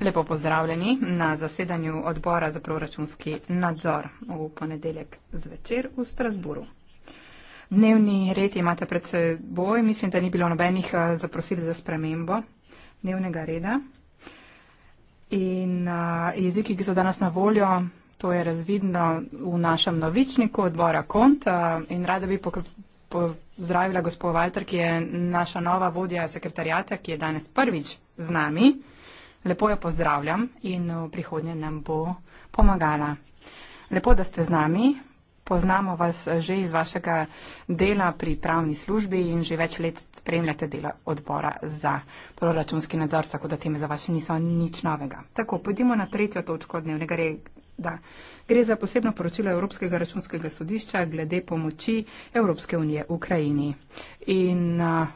Lepo pozdravljeni na zasedanju odbora za proračunski nadzor v ponedeljek zvečer v Strasburu. Dnevni red imate pred seboj, mislim, da ni bilo nobenih eh, zaprosil za spremembo dnevnega reda. In eh, jeziki, ki so danes na voljo, to je razvidno v našem novičniku odbora KONT eh, in rada bi pokrpila pozdravila gospod Walter, ki je naša nova vodja sekretarijata, ki je danes prvič z nami. Lepo jo pozdravljam in v prihodnje nam bo pomagala. Lepo, da ste z nami. Poznamo vas že iz vašega dela pri pravni službi in že več let spremljate delo odbora za proračunski nadzor, tako da teme za vas niso nič novega. Tako, pojdimo na tretjo točko dnevnega reda. Da, gre za posebno poročilo Evropskega računskega sodišča glede pomoči Evropske unije Ukrajini. In uh,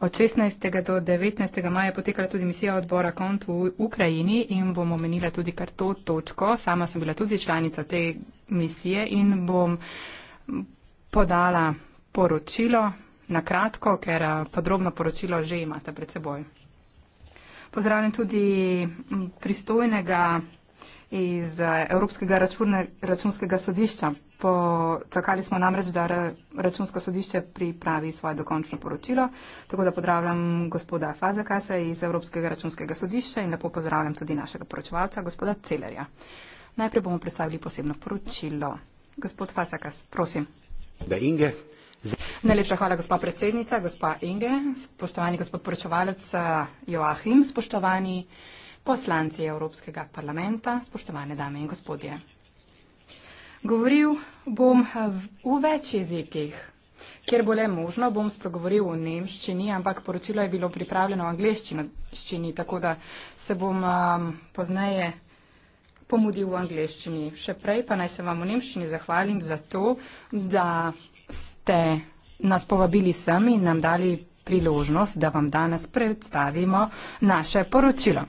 od 16. do 19. maja potekala tudi misija odbora kont v Ukrajini in bom omenila tudi kar to točko. Sama sem bila tudi članica te misije in bom podala poročilo na kratko, ker podrobno poročilo že imate pred seboj. Pozdravljam tudi pristojnega iz eh, Evropskega račune, računskega sodišča. Počakali smo namreč, da računsko sodišče pripravi svoje dokončno poročilo. Tako da pozdravljam gospoda Fazakasa iz Evropskega računskega sodišča in lepo pozdravljam tudi našega poročevalca, gospoda Celerja. Najprej bomo predstavili posebno poročilo. Gospod Fazakas, prosim. Da Inge. Najlepša hvala, gospa predsednica, gospa Inge, spoštovani gospod poročevalec eh, Joachim, spoštovani poslanci Evropskega parlamenta, spoštovane dame in gospodje. Govoril bom eh, v več jezikih. Kjer bo le možno, bom spregovoril v nemščini, ampak poročilo je bilo pripravljeno v angliščini, tako da se bom um, pozneje pomudil v angliščini. Še prej pa naj se vam v nemščini zahvalim za to, da ste nas povabili sem in nam dali priložnost, da vam danes predstavimo naše poročilo.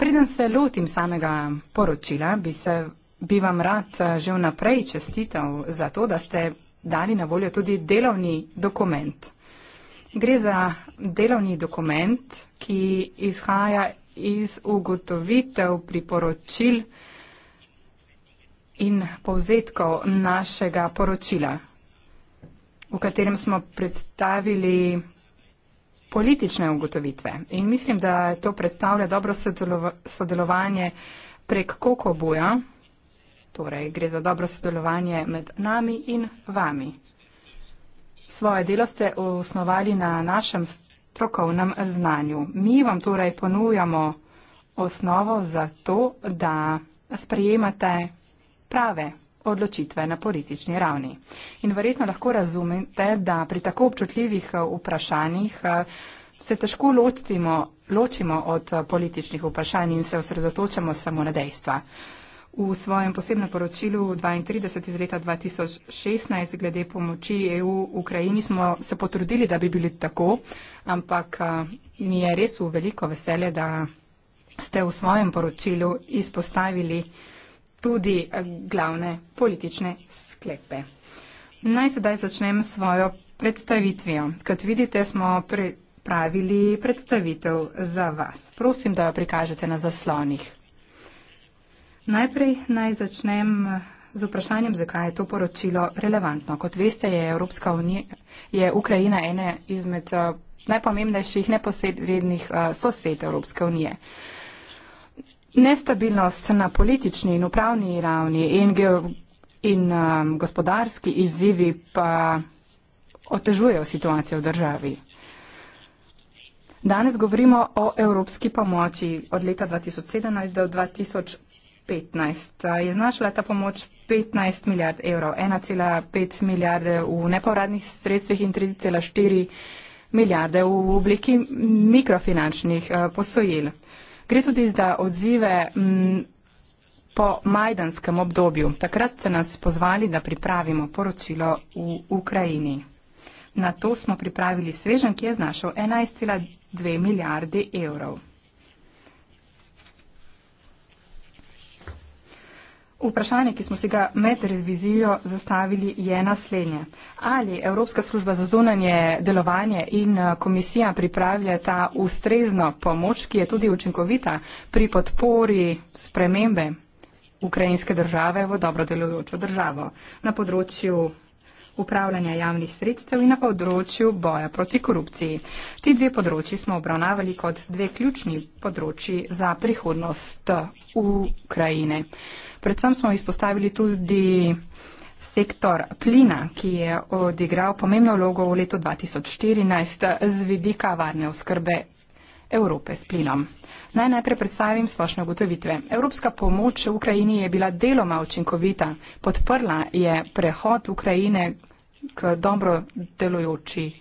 Preden se lotim samega poročila, bi, se, bi vam rad eh, že vnaprej čestitev za to, da ste dali na voljo tudi delovni dokument. Gre za delovni dokument, ki izhaja iz ugotovitev priporočil in povzetkov našega poročila, v katerem smo predstavili politične ugotovitve. In mislim, da to predstavlja dobro sodelova, sodelovanje prek Kokoboja, torej gre za dobro sodelovanje med nami in vami. Svoje delo ste osnovali na našem strokovnem znanju. Mi vam torej ponujamo osnovo za to, da sprejemate prave odločitve na politični ravni. In verjetno lahko razumete, da pri tako občutljivih eh, vprašanjih eh, se težko ločimo, ločimo od eh, političnih vprašanj in se osredotočamo samo na dejstva. V svojem posebnem poročilu 32 iz leta 2016 glede pomoči EU v Ukrajini smo se potrudili, da bi bili tako, ampak mi je res v veliko veselje, da ste v svojem poročilu izpostavili tudi eh, glavne politične sklepe. Naj sedaj začnem svojo predstavitvijo. Kot vidite, smo pripravili predstavitev za vas. Prosim, da jo prikažete na zaslonih. Najprej naj začnem eh, z vprašanjem, zakaj je to poročilo relevantno. Kot veste, je, unija, je Ukrajina ena izmed eh, najpomembnejših neposrednih sosed Evropske unije. Uh, Nestabilnost na politični in upravni ravni in, geo, in um, gospodarski izzivi pa otežujejo situacijo v državi. Danes govorimo o evropski pomoči od leta 2017 do 2015. Je znašla ta pomoč 15 milijard evrov, 1,5 milijarde v nepovratnih sredstvih in 3,4 milijarde v obliki mikrofinančnih eh, posojil. Gre tudi za odzive m, mm, po majdanskem obdobju. Takrat ste nas pozvali, da pripravimo poročilo v Ukrajini. Na to smo pripravili svežen, ki je znašel 11,2 milijarde evrov. Vprašanje, ki smo si ga med revizijo zastavili, je naslednje. Ali Evropska služba za zunanje delovanje in eh, komisija pripravlja ta ustrezno pomoč, ki je tudi učinkovita pri podpori spremembe ukrajinske države v dobro delujočo državo na področju upravljanja javnih sredstev in na področju boja proti korupciji. Ti dve področji smo obravnavali kot dve ključni področji za prihodnost uh, Ukrajine. Predvsem smo izpostavili tudi sektor plina, ki je odigral pomembno vlogo v letu 2014 uh, z vidika varne oskrbe. Evrope s plinom. Naj najprej predstavim splošne ugotovitve. Evropska pomoč v Ukrajini je bila deloma učinkovita. Podprla je prehod Ukrajine k dobro delujoči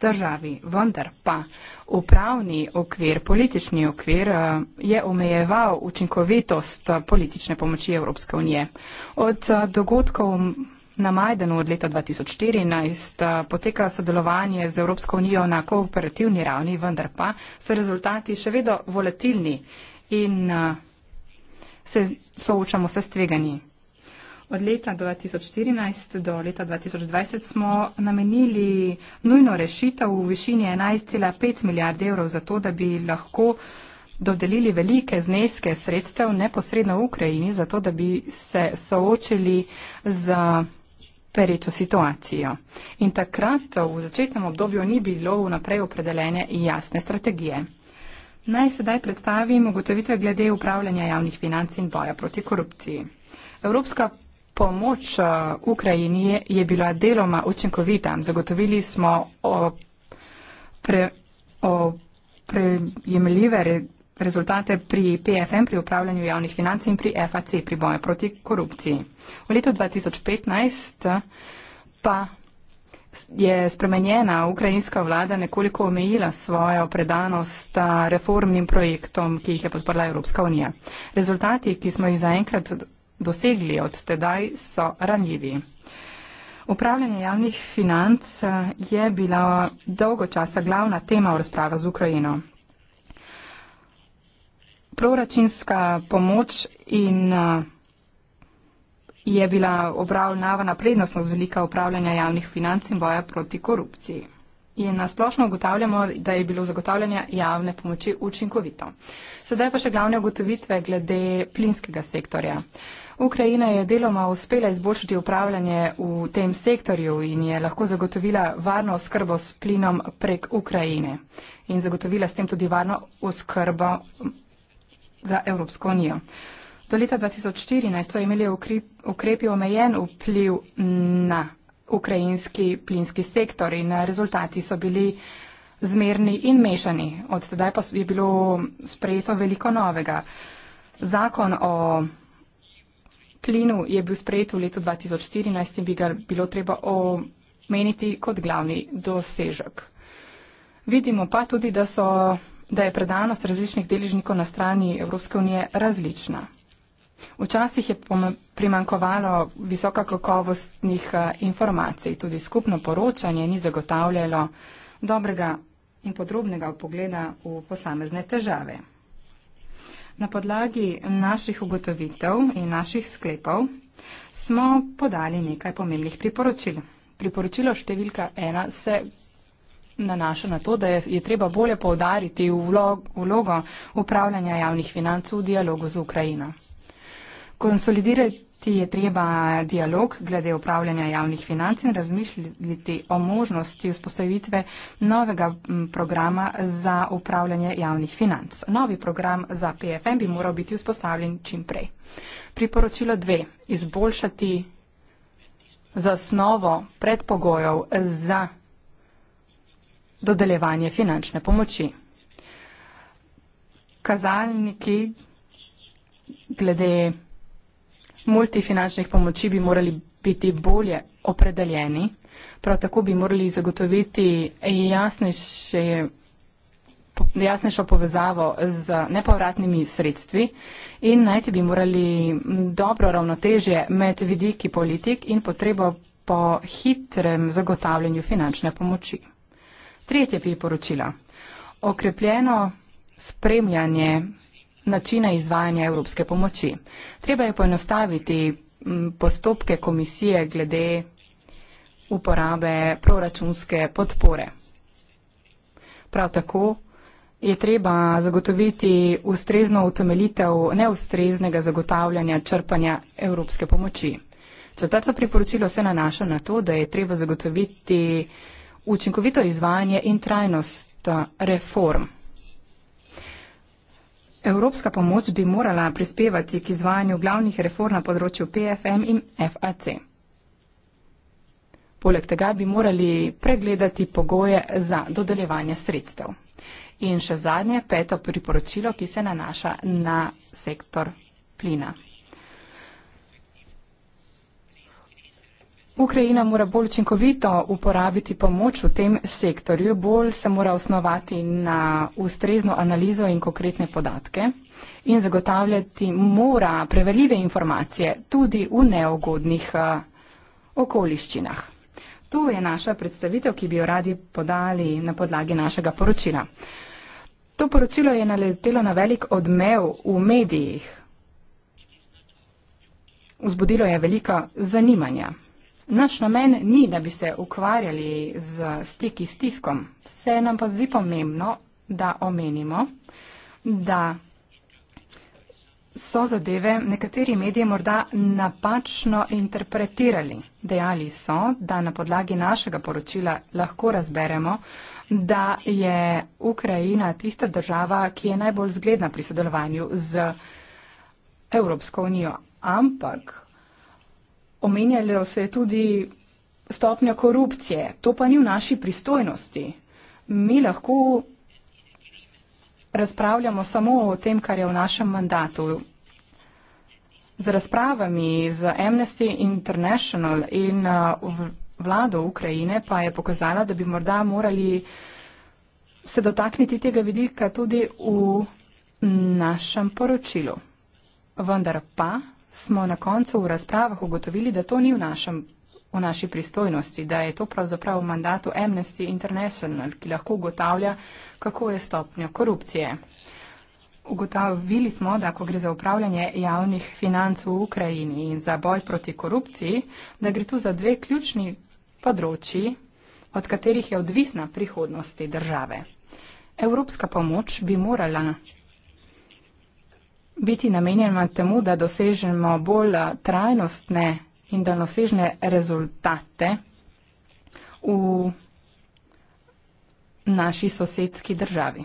državi, vendar pa upravni okvir, politični okvir eh, je omejeval učinkovitost eh, politične pomoči Evropske unije. Od eh, dogodkov na Majdanu od leta 2014 poteka sodelovanje z Evropsko unijo na kooperativni ravni, vendar pa so rezultati še vedno volatilni in se soočamo se s tveganji. Od leta 2014 do leta 2020 smo namenili nujno rešitev v višini 11,5 milijard evrov za to, da bi lahko dodelili velike zneske sredstev neposredno v Ukrajini, zato da bi se soočili z perečo situacijo. In takrat v začetnem obdobju ni bilo vnaprej opredeljene jasne strategije. Naj sedaj predstavim ugotovitve glede upravljanja javnih financ in boja proti korupciji. Evropska pomoč eh, Ukrajini je, je bila deloma učinkovita. Zagotovili smo prejemljive pre, rezultate pri PFM, pri upravljanju javnih financ in pri FAC, pri boju proti korupciji. V letu 2015 eh, pa je spremenjena ukrajinska vlada nekoliko omejila svojo predanost eh, reformnim projektom, ki jih je podprla Evropska unija. Rezultati, ki smo jih zaenkrat dosegli od tedaj, so ranljivi. Upravljanje javnih financ eh, je bila dolgo časa glavna tema v razpravah z Ukrajino. Proračunska pomoč in eh, je bila obravnavana prednostno z velika upravljanja javnih financ in boja proti korupciji. In nasplošno ugotavljamo, da je bilo zagotavljanje javne pomoči učinkovito. Sedaj pa še glavne ugotovitve glede plinskega sektorja. Ukrajina je deloma uspela izboljšati upravljanje v tem sektorju in je lahko zagotovila varno oskrbo s plinom prek Ukrajine in zagotovila s tem tudi varno oskrbo za Evropsko unijo. Do leta 2014 so imeli ukrepi omejen vpliv na ukrajinski plinski sektor in rezultati so bili zmerni in mešani. Od tedaj pa je bilo sprejeto veliko novega. Zakon o plinu je bil sprejet v letu 2014 in bi ga bilo treba omeniti kot glavni dosežek. Vidimo pa tudi, da, so, da je predanost različnih deležnikov na strani Evropske unije različna. Včasih je primankovalo visoka kakovostnih eh, informacij, tudi skupno poročanje ni zagotavljalo dobrega in podrobnega pogleda v posamezne težave. Na podlagi naših ugotovitev in naših sklepov smo podali nekaj pomembnih priporočil. Priporočilo številka ena se nanaša na to, da je, je treba bolje povdariti vlog, vlogo upravljanja javnih financ v dialogu z Ukrajino. Konsolidirati Ti je treba dialog glede upravljanja javnih financ in razmišljati o možnosti vzpostavitve novega programa za upravljanje javnih financ. Novi program za PFM bi moral biti vzpostavljen čim prej. Priporočilo dve. Izboljšati zasnovo predpogojev za dodeljevanje finančne pomoči. Kazalniki glede multifinančnih pomoči bi morali biti bolje opredeljeni, prav tako bi morali zagotoviti jasnejše jasnejšo povezavo z nepovratnimi sredstvi in najti bi morali dobro ravnotežje med vidiki politik in potrebo po hitrem zagotavljanju finančne pomoči. Tretje priporočilo. Okrepljeno spremljanje načine izvajanja evropske pomoči. Treba je poenostaviti postopke komisije glede uporabe proračunske podpore. Prav tako je treba zagotoviti ustrezno utemeljitev neustreznega zagotavljanja črpanja evropske pomoči. Četrto priporočilo se nanaša na to, da je treba zagotoviti učinkovito izvajanje in trajnost reform. Evropska pomoč bi morala prispevati k izvajanju glavnih reform na področju PFM in FAC. Poleg tega bi morali pregledati pogoje za dodeljevanje sredstev. In še zadnje, peto priporočilo, ki se nanaša na sektor plina. Ukrajina mora bolj učinkovito uporabiti pomoč v tem sektorju, bolj se mora osnovati na ustrezno analizo in konkretne podatke in zagotavljati mora preverljive informacije tudi v neugodnih eh, okoliščinah. To je naša predstavitev, ki bi jo radi podali na podlagi našega poročila. To poročilo je naletelo na velik odmev v medijih. Vzbudilo je veliko zanimanja. Naš namen ni, da bi se ukvarjali z stiki s tiskom. Se nam pa zdi pomembno, da omenimo, da so zadeve nekateri mediji morda napačno interpretirali. Dejali so, da na podlagi našega poročila lahko razberemo, da je Ukrajina tista država, ki je najbolj zgledna pri sodelovanju z Evropsko unijo. Ampak omenjalo se je tudi stopnja korupcije. To pa ni v naši pristojnosti. Mi lahko razpravljamo samo o tem, kar je v našem mandatu. Z razpravami z Amnesty International in uh, vlado Ukrajine pa je pokazala, da bi morda morali se dotakniti tega vidika tudi v našem poročilu. Vendar pa smo na koncu v razpravah ugotovili, da to ni v, našem, v naši pristojnosti, da je to pravzaprav v mandatu Amnesty International, ki lahko ugotavlja, kako je stopnja korupcije. Ugotavili smo, da ko gre za upravljanje javnih financ v Ukrajini in za boj proti korupciji, da gre tu za dve ključni področji, od katerih je odvisna prihodnosti države. Evropska pomoč bi morala biti namenjena temu, da dosežemo bolj trajnostne in daljnosežne rezultate v naši sosedski državi.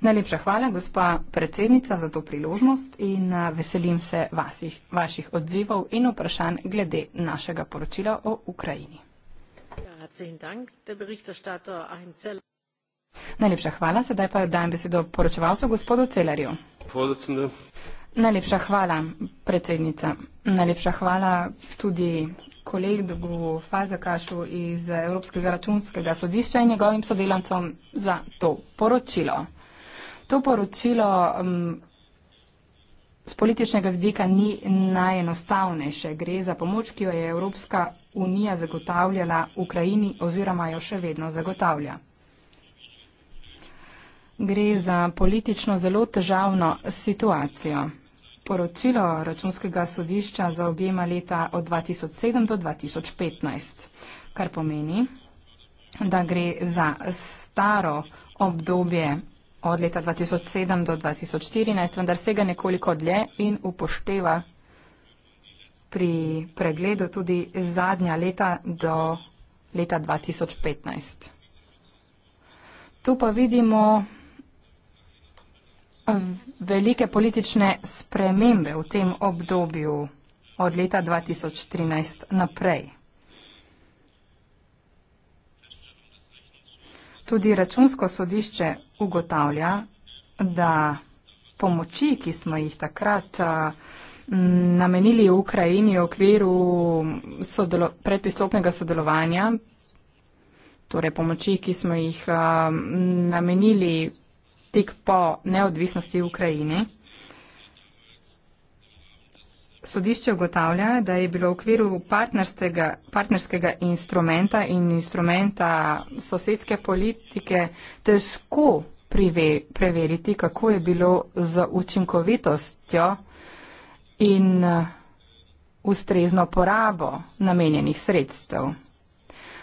Najlepša hvala, gospa predsednica, za to priložnost in veselim se vasih, vaših odzivov in vprašanj glede našega poročila o Ukrajini. Ja, Najlepša hvala, sedaj pa dajem besedo poročevalcu gospodu Celerju. Najlepša hvala, predsednica. Najlepša hvala tudi kolegu Fazakašu iz Evropskega računskega sodišča in njegovim sodelavcom za to poročilo. To poročilo um, z političnega vidika ni najenostavnejše. Gre za pomoč, ki jo je Evropska unija zagotavljala Ukrajini oziroma jo še vedno zagotavlja gre za politično zelo težavno situacijo. Poročilo računskega sodišča zaobjema leta od 2007 do 2015, kar pomeni, da gre za staro obdobje od leta 2007 do 2014, vendar sega nekoliko dlje in upošteva pri pregledu tudi zadnja leta do leta 2015. Tu pa vidimo Um, velike politične spremembe v tem obdobju od leta 2013 naprej. Tudi računsko sodišče ugotavlja, da pomoči, ki smo jih takrat uh, namenili v Ukrajini v okviru sodelo predpristopnega sodelovanja, torej pomoči, ki smo jih um, namenili tik po neodvisnosti Ukrajine. Sodišče ugotavlja, da je bilo v okviru partnerskega, partnerskega instrumenta in instrumenta sosedske politike težko priver, preveriti, kako je bilo z učinkovitostjo in ustrezno porabo namenjenih sredstev.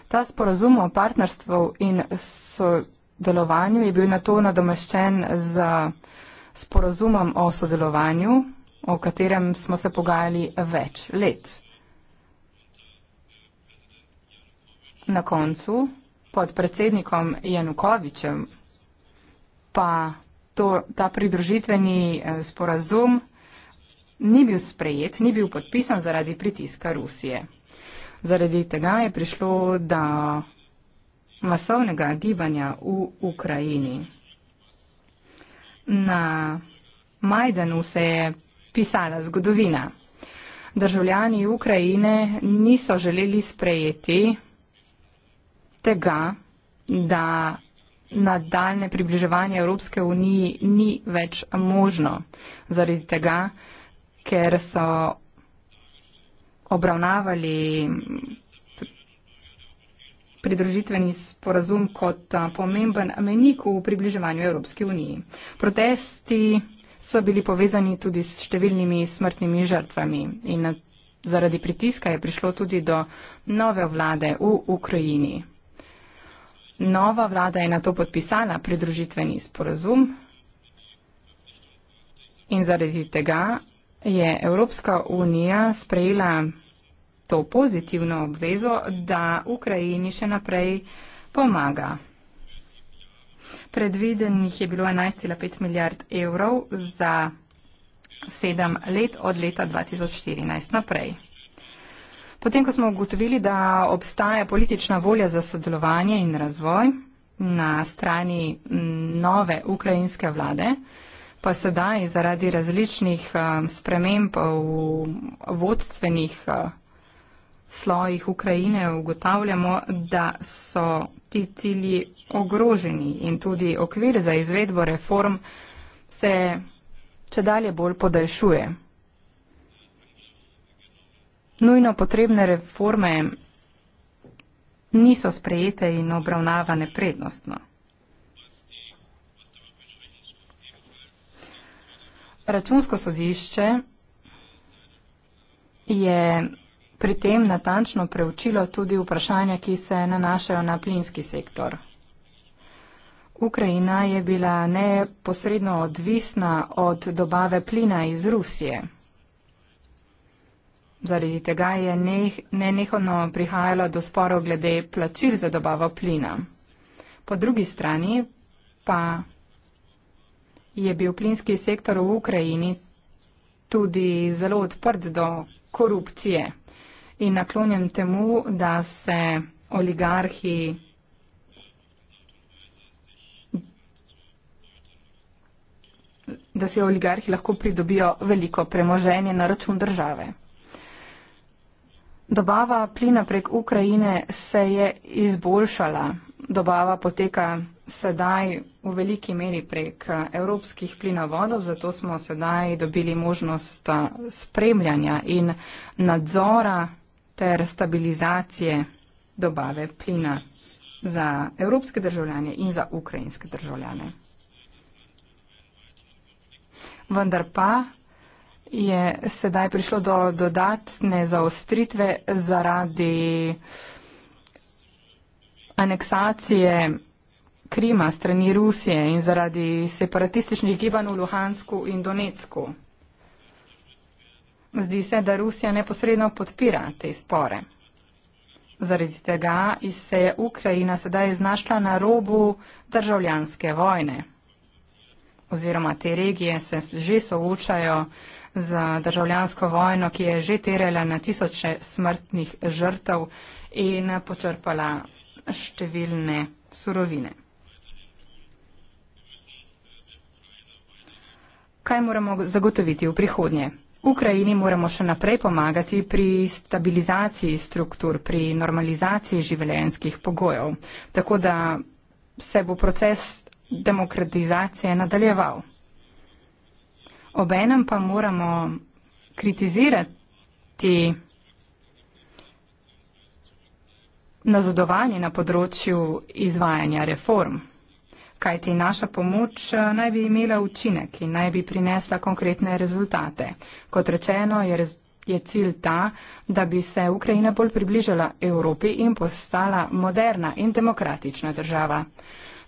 Ta sporazum o partnerstvu in sodišče delovanju je bil na to nadomeščen z sporozumom o sodelovanju, o katerem smo se pogajali več let. Na koncu pod predsednikom Janukovičem pa to, ta pridružitveni eh, sporazum ni bil sprejet, ni bil podpisan zaradi pritiska Rusije. Zaradi tega je prišlo, da masovnega gibanja v Ukrajini. Na Majdanu se je pisala zgodovina. Državljani Ukrajine niso želeli sprejeti tega, da nadaljne približevanje Evropske unije ni več možno, zaradi tega, ker so obravnavali pridružitveni sporazum kot pomemben menik v približevanju Evropski uniji. Protesti so bili povezani tudi s številnimi smrtnimi žrtvami in zaradi pritiska je prišlo tudi do nove vlade v Ukrajini. Nova vlada je na to podpisala pridružitveni sporazum in zaradi tega je Evropska unija sprejela to pozitivno obvezo, da Ukrajini še naprej pomaga. Predvidenih je bilo 11,5 milijard evrov za sedem let od leta 2014 naprej. Potem, ko smo ugotovili, da obstaja politična volja za sodelovanje in razvoj na strani nove ukrajinske vlade, pa sedaj zaradi različnih eh, sprememb v vodstvenih eh, slojih Ukrajine ugotavljamo, da so ti cilji ogroženi in tudi okvir za izvedbo reform se če dalje bolj podaljšuje. Nujno potrebne reforme niso sprejete in obravnavane prednostno. Računsko sodišče je pri tem natančno preučilo tudi vprašanja, ki se nanašajo na plinski sektor. Ukrajina je bila neposredno odvisna od dobave plina iz Rusije. Zaradi tega je nenehodno prihajalo do sporov glede plačil za dobavo plina. Po drugi strani pa je bil plinski sektor v Ukrajini tudi zelo odprt do korupcije, in naklonjen temu, da se oligarhi da se oligarhi lahko pridobijo veliko premoženje na račun države. Dobava plina prek Ukrajine se je izboljšala. Dobava poteka sedaj v veliki meri prek eh, evropskih plinovodov, zato smo sedaj dobili možnost eh, spremljanja in nadzora ter stabilizacije dobave plina za evropske državljane in za ukrajinske državljane. Vendar pa je sedaj prišlo do dodatne zaostritve zaradi aneksacije Krima strani Rusije in zaradi separatističnih gibanj v Luhansku in Donetsku. Zdi se, da Rusija neposredno podpira te spore. Zaradi tega se je Ukrajina sedaj znašla na robu državljanske vojne. Oziroma te regije se že soočajo z državljansko vojno, ki je že terela na tisoče smrtnih žrtev in počrpala številne surovine. Kaj moramo zagotoviti v prihodnje? Ukrajini moramo še naprej pomagati pri stabilizaciji struktur, pri normalizaciji življenjskih pogojev, tako da se bo proces demokratizacije nadaljeval. Obenem pa moramo kritizirati nazadovanje na področju izvajanja reform kajti naša pomoč eh, naj bi imela učinek in naj bi prinesla konkretne rezultate. Kot rečeno, je, rez je cilj ta, da bi se Ukrajina bolj približala Evropi in postala moderna in demokratična država.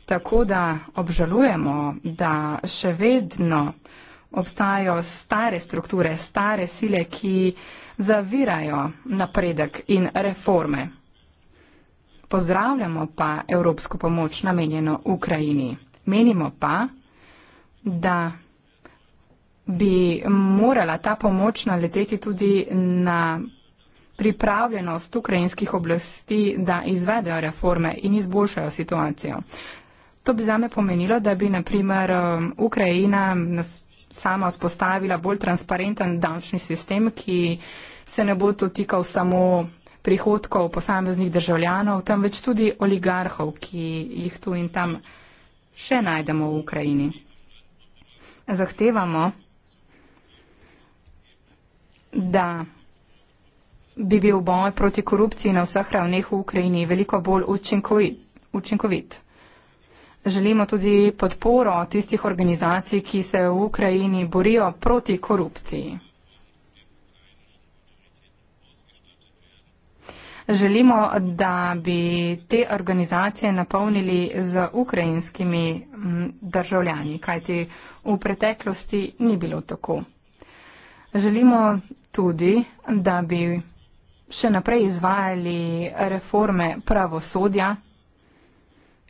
Tako da obžalujemo, da še vedno obstajajo stare strukture, stare sile, ki zavirajo napredek in reforme. Pozdravljamo pa evropsko pomoč namenjeno Ukrajini. Menimo pa, da bi morala ta pomoč naleteti tudi na pripravljenost ukrajinskih oblasti, da izvedejo reforme in izboljšajo situacijo. To bi zame pomenilo, da bi naprimer um, Ukrajina sama vzpostavila bolj transparenten davčni sistem, ki se ne bo dotikal samo prihodkov posameznih državljanov, temveč tudi oligarhov, ki jih tu in tam še najdemo v Ukrajini. Zahtevamo, da bi bil boj proti korupciji na vseh ravneh v Ukrajini veliko bolj učinkovit. učinkovit. Želimo tudi podporo tistih organizacij, ki se v Ukrajini borijo proti korupciji. Želimo, da bi te organizacije napolnili z ukrajinskimi mm, državljani, kajti v preteklosti ni bilo tako. Želimo tudi, da bi še naprej izvajali reforme pravosodja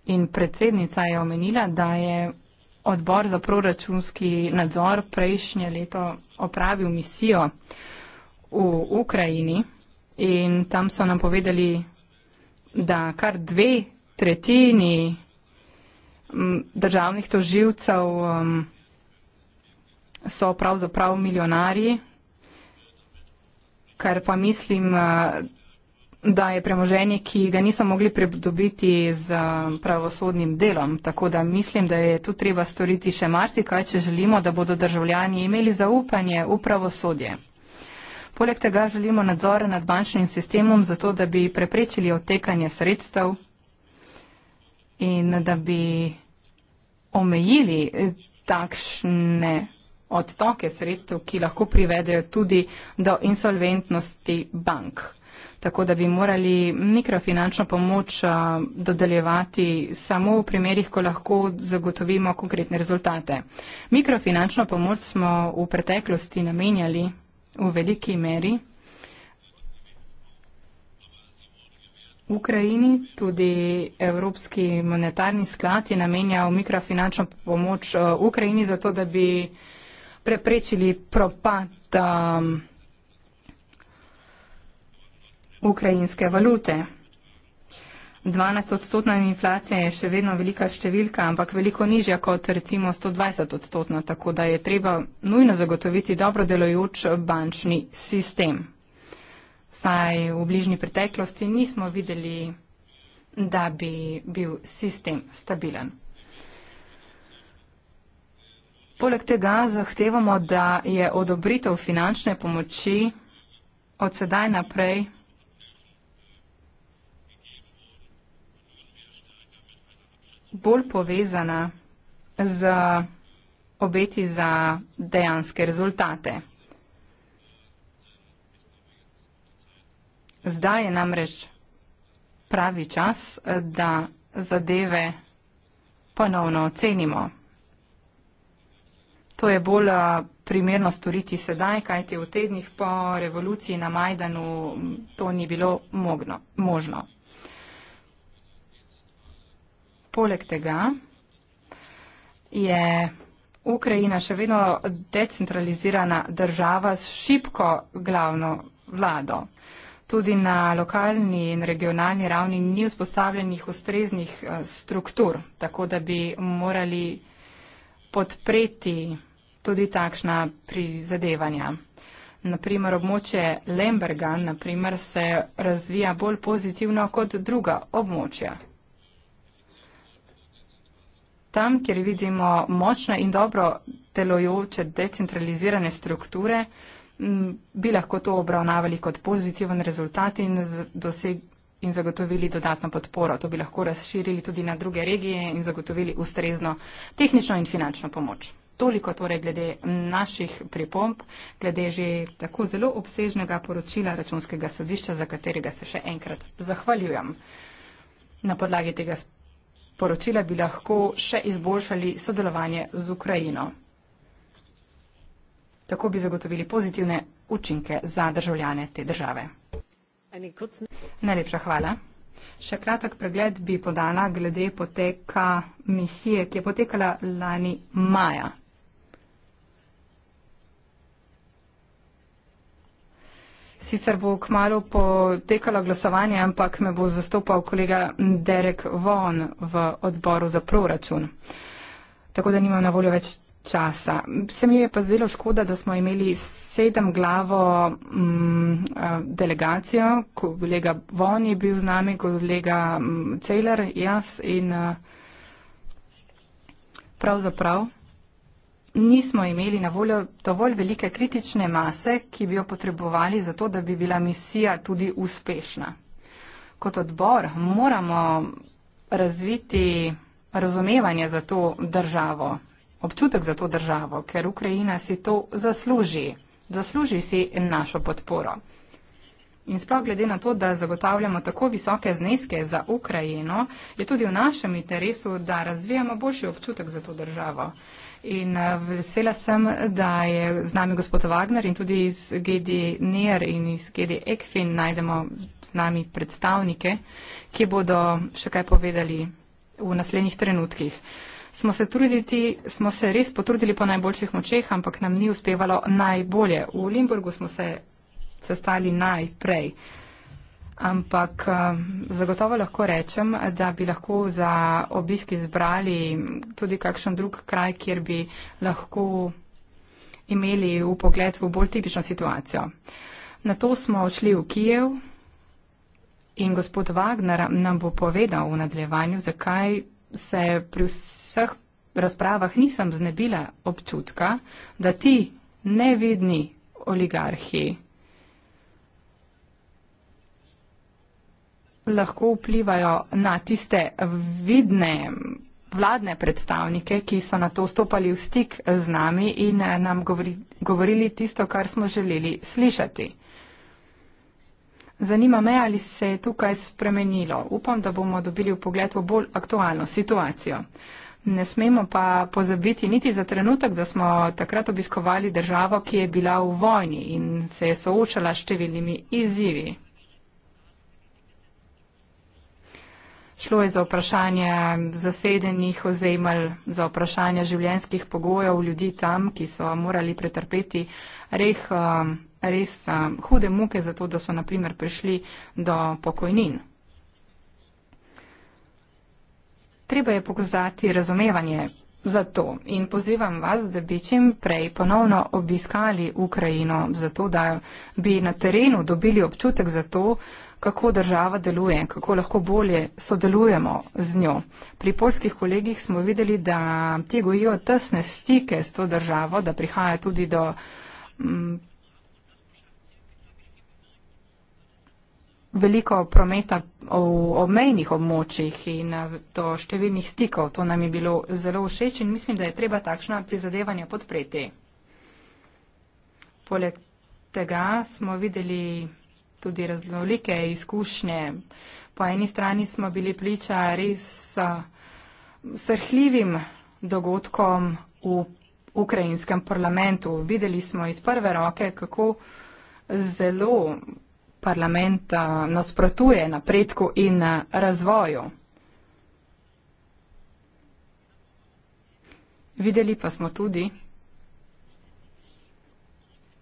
in predsednica je omenila, da je odbor za proračunski nadzor prejšnje leto opravil misijo v Ukrajini. In tam so nam povedali, da kar dve tretjini državnih toživcev um, so pravzaprav milijonari, kar pa mislim, da je premoženje, ki ga niso mogli pridobiti z pravosodnim delom. Tako da mislim, da je tu treba storiti še marsikaj, če želimo, da bodo državljani imeli zaupanje v pravosodje. Poleg tega želimo nadzore nad bančnim sistemom, zato da bi preprečili otekanje sredstev in da bi omejili eh, takšne odtoke sredstev, ki lahko privedejo tudi do insolventnosti bank. Tako da bi morali mikrofinančno pomoč eh, dodeljevati samo v primerih, ko lahko zagotovimo konkretne rezultate. Mikrofinančno pomoč smo v preteklosti namenjali v veliki meri. V Ukrajini tudi Evropski monetarni sklad je namenjal mikrofinančno pomoč eh, Ukrajini zato, da bi preprečili propad um, ukrajinske valute. 12 odstotna inflacija je še vedno velika številka, ampak veliko nižja kot recimo 120 odstotna, tako da je treba nujno zagotoviti dobro delojoč bančni sistem. Vsaj v bližnji preteklosti nismo videli, da bi bil sistem stabilen. Poleg tega zahtevamo, da je odobritev finančne pomoči od sedaj naprej bolj povezana z obeti za dejanske rezultate. Zdaj je namreč pravi čas, da zadeve ponovno ocenimo. To je bolj eh, primerno storiti sedaj, kajti v tednih po revoluciji na Majdanu to ni bilo mogno, možno poleg tega je Ukrajina še vedno decentralizirana država s šibko glavno vlado. Tudi na lokalni in regionalni ravni ni vzpostavljenih ustreznih eh, struktur, tako da bi morali podpreti tudi takšna prizadevanja. Naprimer, območje Lemberga naprimer, se razvija bolj pozitivno kot druga območja. Tam, kjer vidimo močne in dobro delojoče decentralizirane strukture, bi lahko to obravnavali kot pozitiven rezultat in, doseg, in zagotovili dodatno podporo. To bi lahko razširili tudi na druge regije in zagotovili ustrezno tehnično in finančno pomoč. Toliko torej glede naših pripomp, glede že tako zelo obsežnega poročila računskega sodišča, za katerega se še enkrat zahvaljujem. Na podlagi tega poročila bi lahko še izboljšali sodelovanje z Ukrajino. Tako bi zagotovili pozitivne učinke za državljane te države. Najlepša hvala. Še kratek pregled bi podala glede poteka misije, ki je potekala lani maja Sicer bo kmalo potekalo glasovanje, ampak me bo zastopal kolega Derek Von v odboru za proračun. Tako da nimam na voljo več časa. Se mi je pa zdelo škoda, da smo imeli sedem glavo m, mm, eh, delegacijo. Kolega Von je bil z nami, kolega mm, Cejler, jaz in eh, pravzaprav. Prav nismo imeli na voljo dovolj velike kritične mase, ki bi jo potrebovali za to, da bi bila misija tudi uspešna. Kot odbor moramo razviti razumevanje za to državo, občutek za to državo, ker Ukrajina si to zasluži. Zasluži si našo podporo. In sprav glede na to, da zagotavljamo tako visoke zneske za Ukrajino, je tudi v našem interesu, da razvijamo boljši občutek za to državo. In eh, vesela sem, da je z nami gospod Wagner in tudi iz GD NER in iz GD ECFIN najdemo z nami predstavnike, ki bodo še kaj povedali v naslednjih trenutkih. Smo se, truditi, smo se res potrudili po najboljših močeh, ampak nam ni uspevalo najbolje. V Limburgu smo se sestali najprej. Ampak eh, zagotovo lahko rečem, da bi lahko za obisk izbrali tudi kakšen drug kraj, kjer bi lahko imeli v pogled v bolj tipično situacijo. Na to smo šli v Kijev in gospod Wagner nam bo povedal v nadaljevanju, zakaj se pri vseh razpravah nisem znebila občutka, da ti nevidni oligarhi lahko vplivajo na tiste vidne vladne predstavnike, ki so na to stopali v stik z nami in eh, nam govori, govorili tisto, kar smo želeli slišati. Zanima me, ali se je tukaj spremenilo. Upam, da bomo dobili v pogled v bolj aktualno situacijo. Ne smemo pa pozabiti niti za trenutek, da smo takrat obiskovali državo, ki je bila v vojni in se je soočala s številnimi izzivi. Šlo je za vprašanje zasedenih ozemelj, za vprašanje življenskih pogojev ljudi tam, ki so morali pretrpeti reh, um, res um, hude muke, zato da so naprimer prišli do pokojnin. Treba je pokazati razumevanje Zato in pozivam vas, da bi čim prej ponovno obiskali Ukrajino, zato da bi na terenu dobili občutek za to, kako država deluje, kako lahko bolje sodelujemo z njo. Pri polskih kolegih smo videli, da ti gojijo tesne stike s to državo, da prihaja tudi do mm, veliko prometa v obmejnih območjih in eh, do številnih stikov. To nam je bilo zelo všeč in mislim, da je treba takšna prizadevanja podpreti. Poleg tega smo videli tudi raznolike izkušnje. Po eni strani smo bili priča res eh, srhljivim dogodkom v ukrajinskem parlamentu. Videli smo iz prve roke, kako zelo parlament nasprotuje napredku in razvoju. Videli pa smo tudi,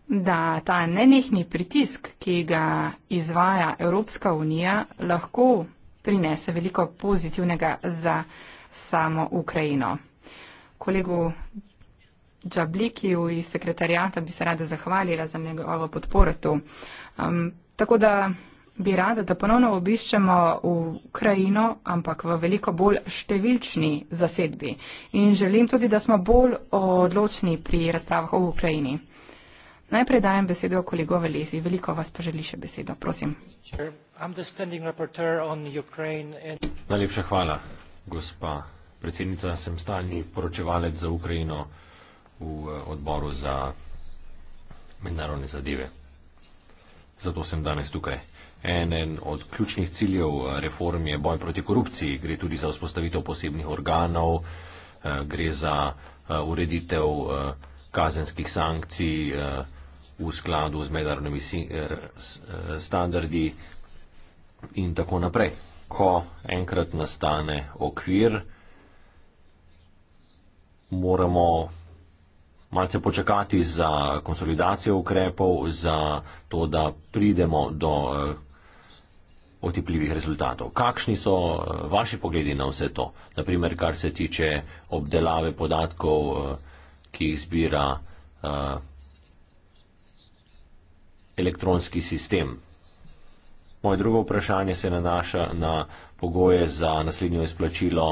da ta nenehni pritisk, ki ga izvaja Evropska unija, lahko prinese veliko pozitivnega za samo Ukrajino. Kolegu Džablikiju iz sekretarijata bi se rada zahvalila za njegovo podporo tu. Um, Tako da bi rada, da ponovno obiščemo Ukrajino, ampak v veliko bolj številčni zasedbi. In želim tudi, da smo bolj odločni pri razpravah o Ukrajini. Najprej dajem besedo kolego Velezi. Veliko vas pa želi še besedo. Prosim. Najlepša hvala, gospa predsednica. Sem stalni poročevalec za Ukrajino v eh, odboru za mednarodne zadeve zato sem danes tukaj. Enen od ključnih ciljev eh, reform je boj proti korupciji. Gre tudi za vzpostavitev posebnih organov, eh, gre za eh, ureditev kazenskih sankcij v skladu z mednarodnimi standardi in tako naprej. Ko enkrat nastane okvir, moramo malce počakati za konsolidacijo ukrepov, za to, da pridemo do eh, otipljivih rezultatov. Kakšni so eh, vaši pogledi na vse to? Naprimer, kar se tiče obdelave podatkov, eh, ki jih zbira elektronski sistem. Moje drugo vprašanje se nanaša na pogoje za naslednjo izplačilo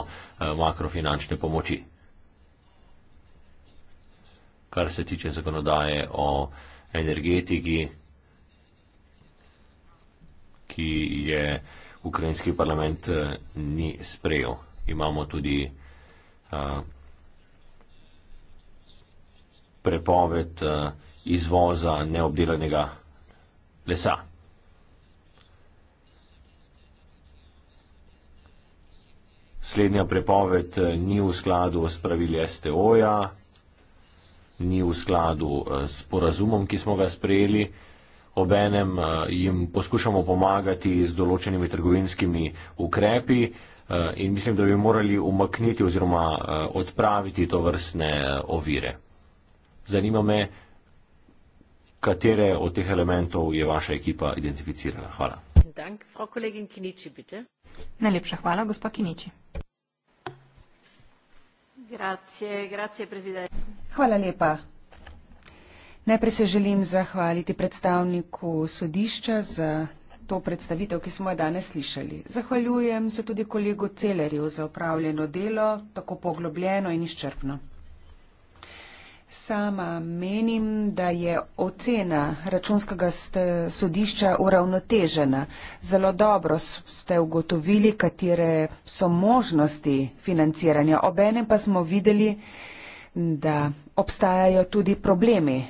makrofinančne pomoči kar se tiče zakonodaje o energetiki, ki je ukrajinski parlament eh, ni sprejel. Imamo tudi a, eh, prepoved a, eh, izvoza neobdelanega lesa. Slednja prepoved ni v skladu s pravili STO-ja, ni v skladu eh, s porazumom, ki smo ga sprejeli. Obenem eh, jim poskušamo pomagati z določenimi trgovinskimi ukrepi eh, in mislim, da bi morali umakniti oziroma odpraviti to vrstne ovire. Zanima me, katere od teh elementov je vaša ekipa identificirala. Hvala. Dank, Kiniči, Najlepša hvala, gospod Kiniči. Grazie, grazie presidente. Hvala lepa. Najprej se želim zahvaliti predstavniku sodišča za to predstavitev, ki smo jo danes slišali. Zahvaljujem se tudi kolegu Celerju za upravljeno delo, tako poglobljeno in izčrpno. Sama menim, da je ocena računskega sodišča uravnotežena. Zelo dobro ste ugotovili, katere so možnosti financiranja. Obene pa smo videli, da obstajajo tudi problemi.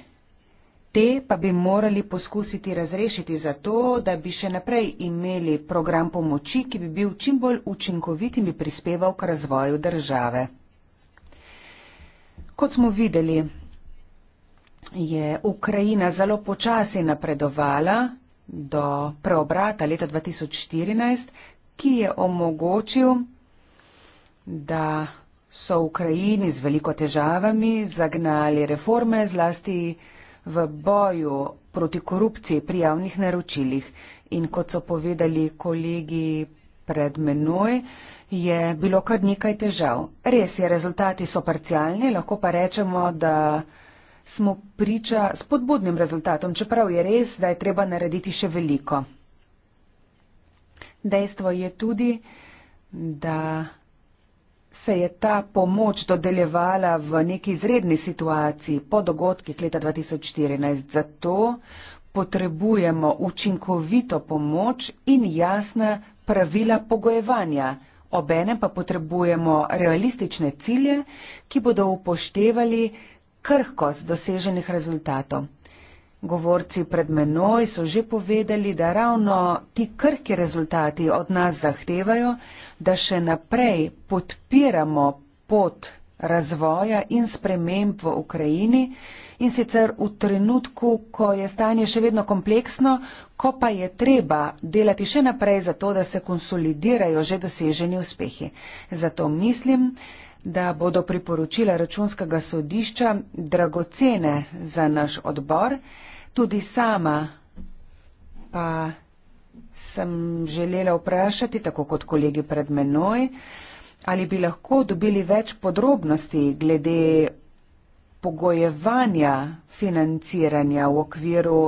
Te pa bi morali poskusiti razrešiti zato, da bi še naprej imeli program pomoči, ki bi bil čim bolj učinkovit in bi prispeval k razvoju države. Kot smo videli, je Ukrajina zelo počasi napredovala do preobrata leta 2014, ki je omogočil, da so Ukrajini z veliko težavami zagnali reforme zlasti v boju proti korupciji pri javnih naročilih. In kot so povedali kolegi pred menoj, je bilo kar nekaj težav. Res je, rezultati so parcialni, lahko pa rečemo, da smo priča spodbudnim rezultatom, čeprav je res, da je treba narediti še veliko. Dejstvo je tudi, da se je ta pomoč dodeljevala v neki izredni situaciji po dogodkih leta 2014. Zato potrebujemo učinkovito pomoč in jasna pravila pogojevanja, obene pa potrebujemo realistične cilje, ki bodo upoštevali krhkost doseženih rezultatov. Govorci pred menoj so že povedali, da ravno ti krhki rezultati od nas zahtevajo, da še naprej podpiramo pot razvoja in sprememb v Ukrajini in sicer v trenutku, ko je stanje še vedno kompleksno, ko pa je treba delati še naprej za to, da se konsolidirajo že doseženi uspehi. Zato mislim, da bodo priporočila računskega sodišča dragocene za naš odbor. Tudi sama pa sem želela vprašati, tako kot kolegi pred menoj, Ali bi lahko dobili več podrobnosti glede pogojevanja financiranja v okviru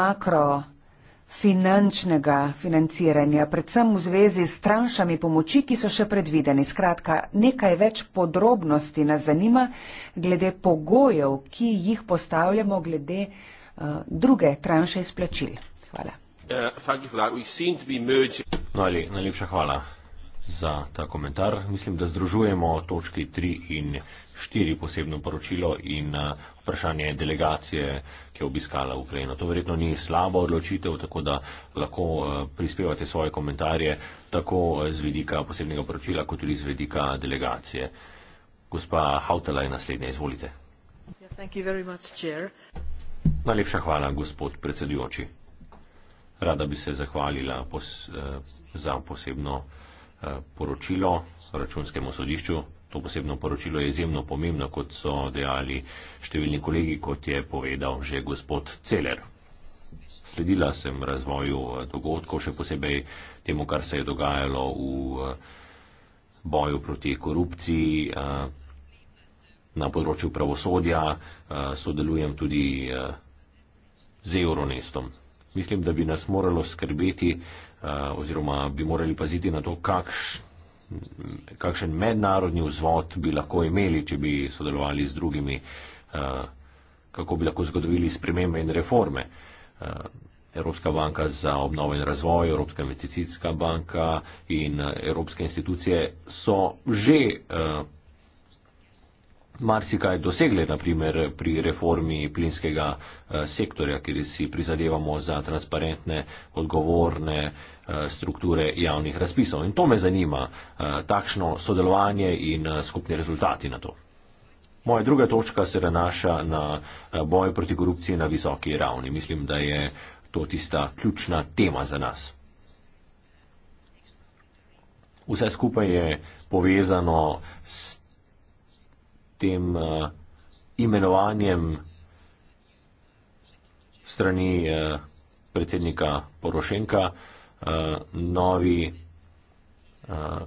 makrofinančnega financiranja, predvsem v zvezi s tranšami pomoči, ki so še predvideni? Skratka, nekaj več podrobnosti nas zanima glede pogojev, ki jih postavljamo glede uh, druge tranše izplačil. Hvala. Uh, Najlepša hvala za ta komentar. Mislim, da združujemo točki 3 in 4 posebno poročilo in eh, vprašanje delegacije, ki je obiskala Ukrajino. To verjetno ni slaba odločitev, tako da lahko eh, prispevate svoje komentarje tako eh, z vidika posebnega poročila, kot tudi z vidika delegacije. Gospa Hautala je naslednja, izvolite. Najlepša hvala, gospod predsedujoči. Rada bi se zahvalila pos, za posebno Eh, poročilo računskemu sodišču. To posebno poročilo je izjemno pomembno, kot so dejali številni kolegi, kot je povedal že gospod Celer. Sledila sem razvoju eh, dogodkov, še posebej temu, kar se je dogajalo v eh, boju proti korupciji. Na področju pravosodja sodelujem tudi z Euronestom. Mislim, da bi nas moralo skrbeti, Eh, oziroma bi morali paziti na to, kakš, kakšen mednarodni vzvod bi lahko imeli, če bi sodelovali z drugimi, eh, kako bi lahko zgodovili spremembe in reforme. Eh, Evropska banka za obnovo in razvoj, Evropska investicijska banka in evropske institucije so že marsikaj dosegle, naprimer pri reformi plinskega eh, sektorja, kjer si prizadevamo za transparentne, odgovorne eh, strukture javnih razpisov. In to me zanima, eh, takšno sodelovanje in skupni rezultati na to. Moja druga točka se nanaša na boj proti korupciji na visoki ravni. Mislim, da je to tista ključna tema za nas. Vse skupaj je povezano s tem uh, imenovanjem strani uh, predsednika Porošenka uh, novi uh,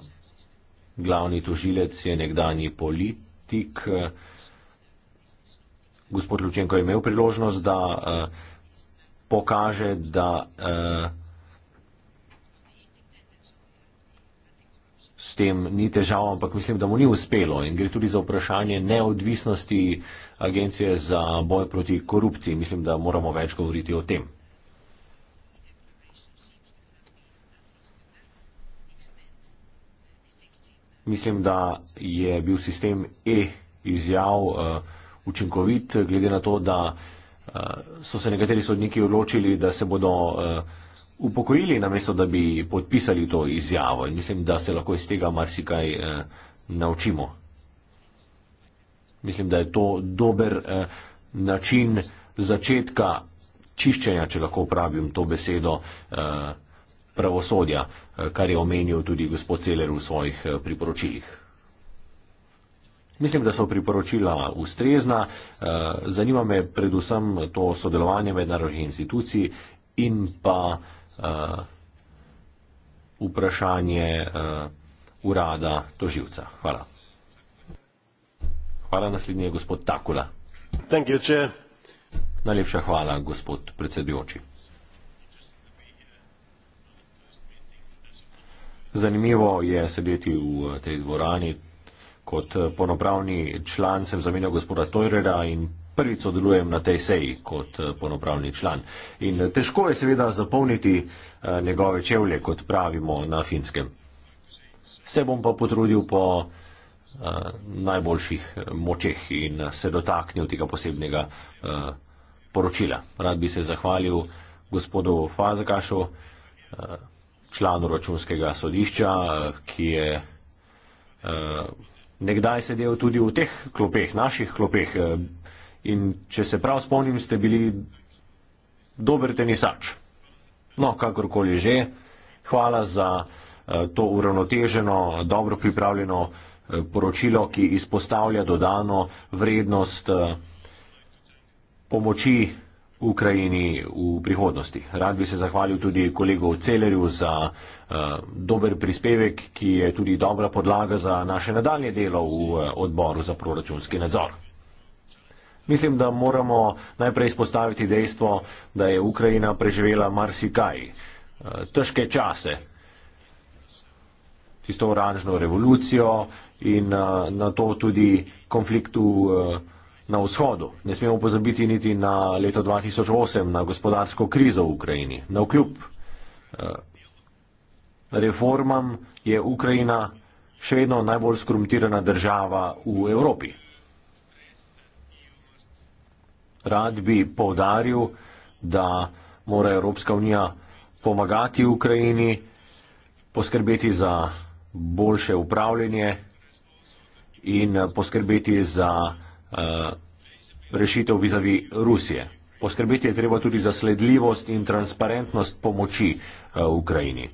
glavni tožilec je nekdani politik. Uh, gospod Ljučenko je imel priložnost, da uh, pokaže, da uh, s tem ni težava, ampak mislim, da mu ni uspelo in gre tudi za vprašanje neodvisnosti agencije za boj proti korupciji. Mislim, da moramo več govoriti o tem. Mislim, da je bil sistem E izjav uh, učinkovit, glede na to, da uh, so se nekateri sodniki odločili, da se bodo uh, upokojili, namesto da bi podpisali to izjavo. In mislim, da se lahko iz tega marsikaj eh, naučimo. Mislim, da je to dober eh, način začetka čiščenja, če lahko uporabim to besedo, eh, pravosodja, eh, kar je omenil tudi gospod Celer v svojih eh, priporočilih. Mislim, da so priporočila ustrezna. Eh, zanima me predvsem to sodelovanje mednarodnih institucij in pa uh, vprašanje uh, urada toživca. Hvala. Hvala, naslednji je gospod Takula. You, Najlepša hvala, gospod predsedujoči. Zanimivo je sedeti v tej dvorani. Kot eh, ponopravni član sem zamenjal gospoda Tojreda in prvič sodelujem na tej seji kot eh, ponopravni član. In eh, težko je seveda zapolniti eh, njegove čevlje, kot pravimo na finskem. Se bom pa potrudil po najboljših močeh in se dotaknil tega posebnega poročila. Rad bi se zahvalil gospodu Fazakašu, članu računskega sodišča, ki je nekdaj sedel tudi v teh klopeh, naših klopeh. In če se prav spomnim, ste bili dober tenisač. No, kakorkoli že, hvala za eh, to uravnoteženo, dobro pripravljeno eh, poročilo, ki izpostavlja dodano vrednost eh, pomoči Ukrajini v prihodnosti. Rad bi se zahvalil tudi kolegu Celerju za dober prispevek, ki je tudi dobra podlaga za naše nadaljne delo v odboru za proračunski nadzor. Mislim, da moramo najprej izpostaviti dejstvo, da je Ukrajina preživela marsikaj, eh, težke čase, tisto oranžno revolucijo in eh, na to tudi konfliktu eh, na vzhodu. Ne smemo pozabiti niti na leto 2008, na gospodarsko krizo v Ukrajini. Na vkljub reformam je Ukrajina še vedno najbolj skorumpirana država v Evropi. Rad bi povdaril, da mora Evropska unija pomagati Ukrajini, poskrbeti za boljše upravljanje in eh, poskrbeti za uh, rešitev vizavi Rusije. Poskrbeti je treba tudi za sledljivost in transparentnost pomoči uh, Ukrajini.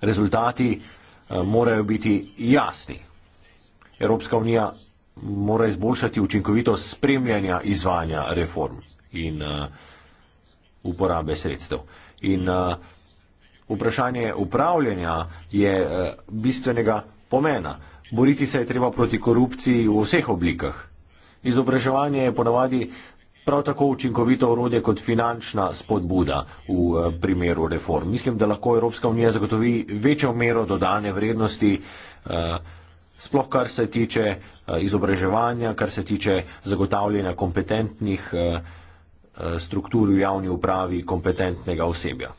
Rezultati uh, morajo biti jasni. Evropska unija mora izboljšati učinkovitost spremljanja izvajanja reform in uh, uporabe sredstev. In uh, vprašanje upravljanja je uh, bistvenega pomena. Boriti se je treba proti korupciji v vseh oblikah. Izobraževanje je ponavadi prav tako učinkovito orodje kot finančna spodbuda v uh, primeru reform. Mislim, da lahko Evropska unija zagotovi večjo mero dodane vrednosti, uh, sploh kar se tiče Eh, izobraževanja, kar se tiče zagotavljanja kompetentnih eh, eh, struktur v javni upravi kompetentnega osebja.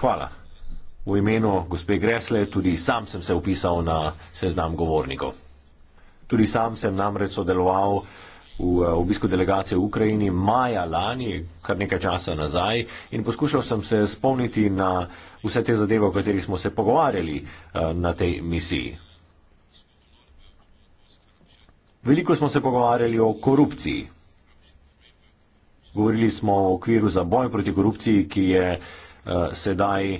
Hvala. V imenu gospe Gresle tudi sam sem se upisal na seznam govornikov. Tudi sam sem namreč sodeloval v obisku delegacije v Ukrajini maja lani, kar nekaj časa nazaj, in poskušal sem se spomniti na vse te zadeve, o katerih smo se pogovarjali na tej misiji. Veliko smo se pogovarjali o korupciji. Govorili smo o okviru za boj proti korupciji, ki je uh, sedaj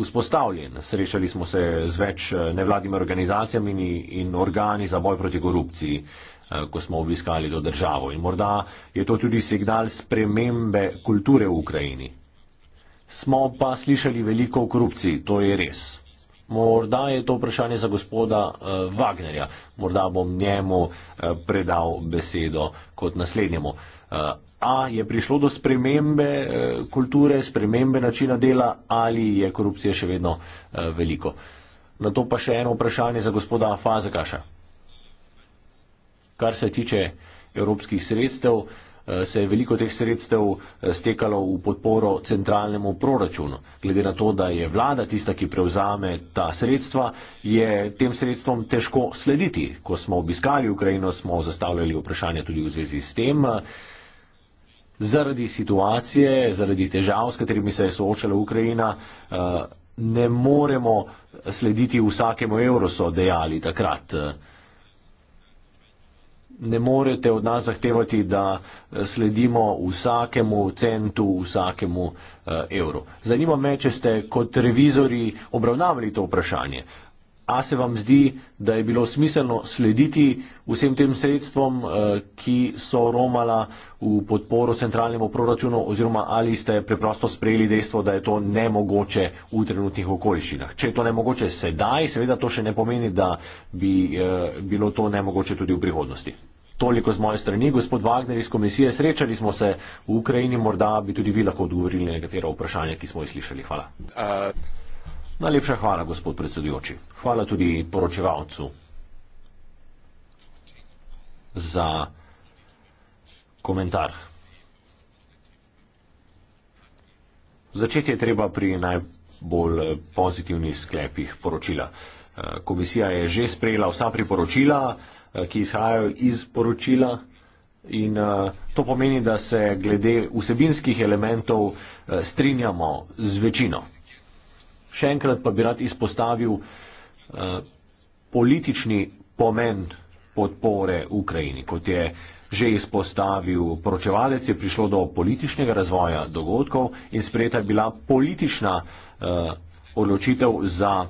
vzpostavljen. Srečali smo se z več eh, nevladnimi organizacijami in, in organi za boj proti korupciji, uh, ko smo obiskali to državo. In morda je to tudi signal spremembe kulture v Ukrajini. Smo pa slišali veliko o korupciji, to je res. Morda je to vprašanje za gospoda uh, Wagnerja. Morda bom njemu uh, predal besedo kot naslednjemu. Uh, a je prišlo do spremembe uh, kulture, spremembe načina dela ali je korupcije še vedno uh, veliko? Na to pa še eno vprašanje za gospoda Fazekaša. Kar se tiče evropskih sredstev, uh, Eh, se je veliko teh sredstev eh, stekalo v podporo centralnemu proračunu. Glede na to, da je vlada tista, ki prevzame ta sredstva, je tem sredstvom težko slediti. Ko smo obiskali Ukrajino, smo zastavljali vprašanja tudi v zvezi s tem. Zaradi situacije, zaradi težav, s katerimi se je soočala Ukrajina, eh, ne moremo slediti vsakemu evru, so dejali takrat ne morete od nas zahtevati, da eh, sledimo vsakemu centu, vsakemu eh, evru. Zanima me, če ste kot revizori obravnavali to vprašanje. A se vam zdi, da je bilo smiselno slediti vsem tem sredstvom, eh, ki so romala v podporo centralnemu proračunu, oziroma ali ste preprosto sprejeli dejstvo, da je to nemogoče v trenutnih okoliščinah? Če je to nemogoče sedaj, seveda to še ne pomeni, da bi eh, bilo to nemogoče tudi v prihodnosti toliko z moje strani. Gospod Wagner iz komisije, srečali smo se v Ukrajini, morda bi tudi vi lahko odgovorili na nekatera vprašanja, ki smo jih slišali. Hvala. Uh... Najlepša hvala, gospod predsedujoči. Hvala tudi poročevalcu za komentar. Začeti je treba pri najbolj pozitivnih sklepih poročila. Uh, komisija je že sprejela vsa priporočila. Eh, ki izhajajo iz poročila. In eh, to pomeni, da se glede vsebinskih elementov eh, strinjamo z večino. Še enkrat pa bi rad izpostavil politični pomen podpore Ukrajini, kot je že izpostavil poročevalec, je prišlo do političnega razvoja dogodkov in sprejeta je bila politična uh, odločitev za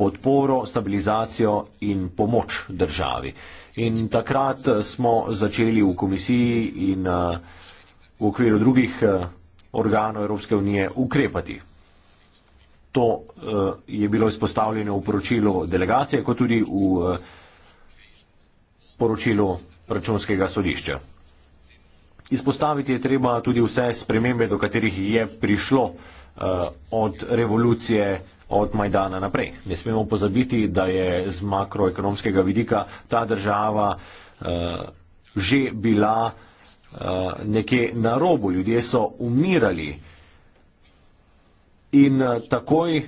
podporo, stabilizacijo in pomoč državi. In takrat smo začeli v komisiji in eh, v okviru drugih eh, organov Evropske unije ukrepati. To eh, je bilo izpostavljeno v poročilu delegacije, kot tudi v poročilu računskega sodišča. Izpostaviti je treba tudi vse spremembe, do katerih je prišlo od revolucije od Majdana naprej. Ne smemo pozabiti, da je z makroekonomskega vidika ta država uh, že bila uh, nekje na robu, ljudje so umirali in uh, takoj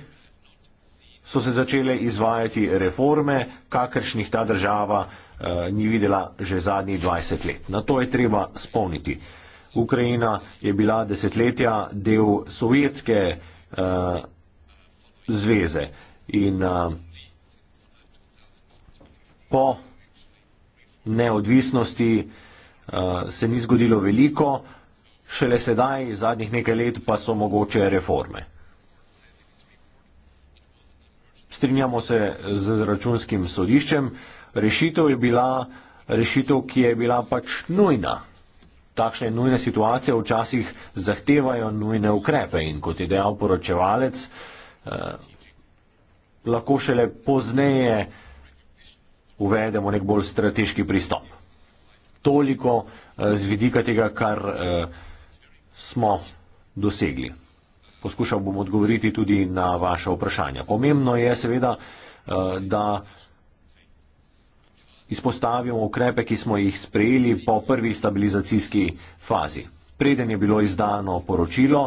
so se začele izvajati reforme, kakršnih ta država uh, ni videla že zadnjih 20 let. Na to je treba spomniti. Ukrajina je bila desetletja del sovjetske uh, zveze. In uh, po neodvisnosti uh, se ni zgodilo veliko, šele sedaj, zadnjih nekaj let, pa so mogoče reforme. Strinjamo se z računskim sodiščem, rešitev je bila rešitev, ki je bila pač nujna. Takšne nujne situacije včasih zahtevajo nujne ukrepe in kot je dejal poročevalec, uh, eh, lahko šele pozneje uvedemo nek bolj strateški pristop. Toliko eh, z vidika tega, kar eh, smo dosegli. Poskušal bom odgovoriti tudi na vaše vprašanja. Pomembno je seveda, eh, da izpostavimo ukrepe, ki smo jih sprejeli po prvi stabilizacijski fazi preden je bilo izdano poročilo,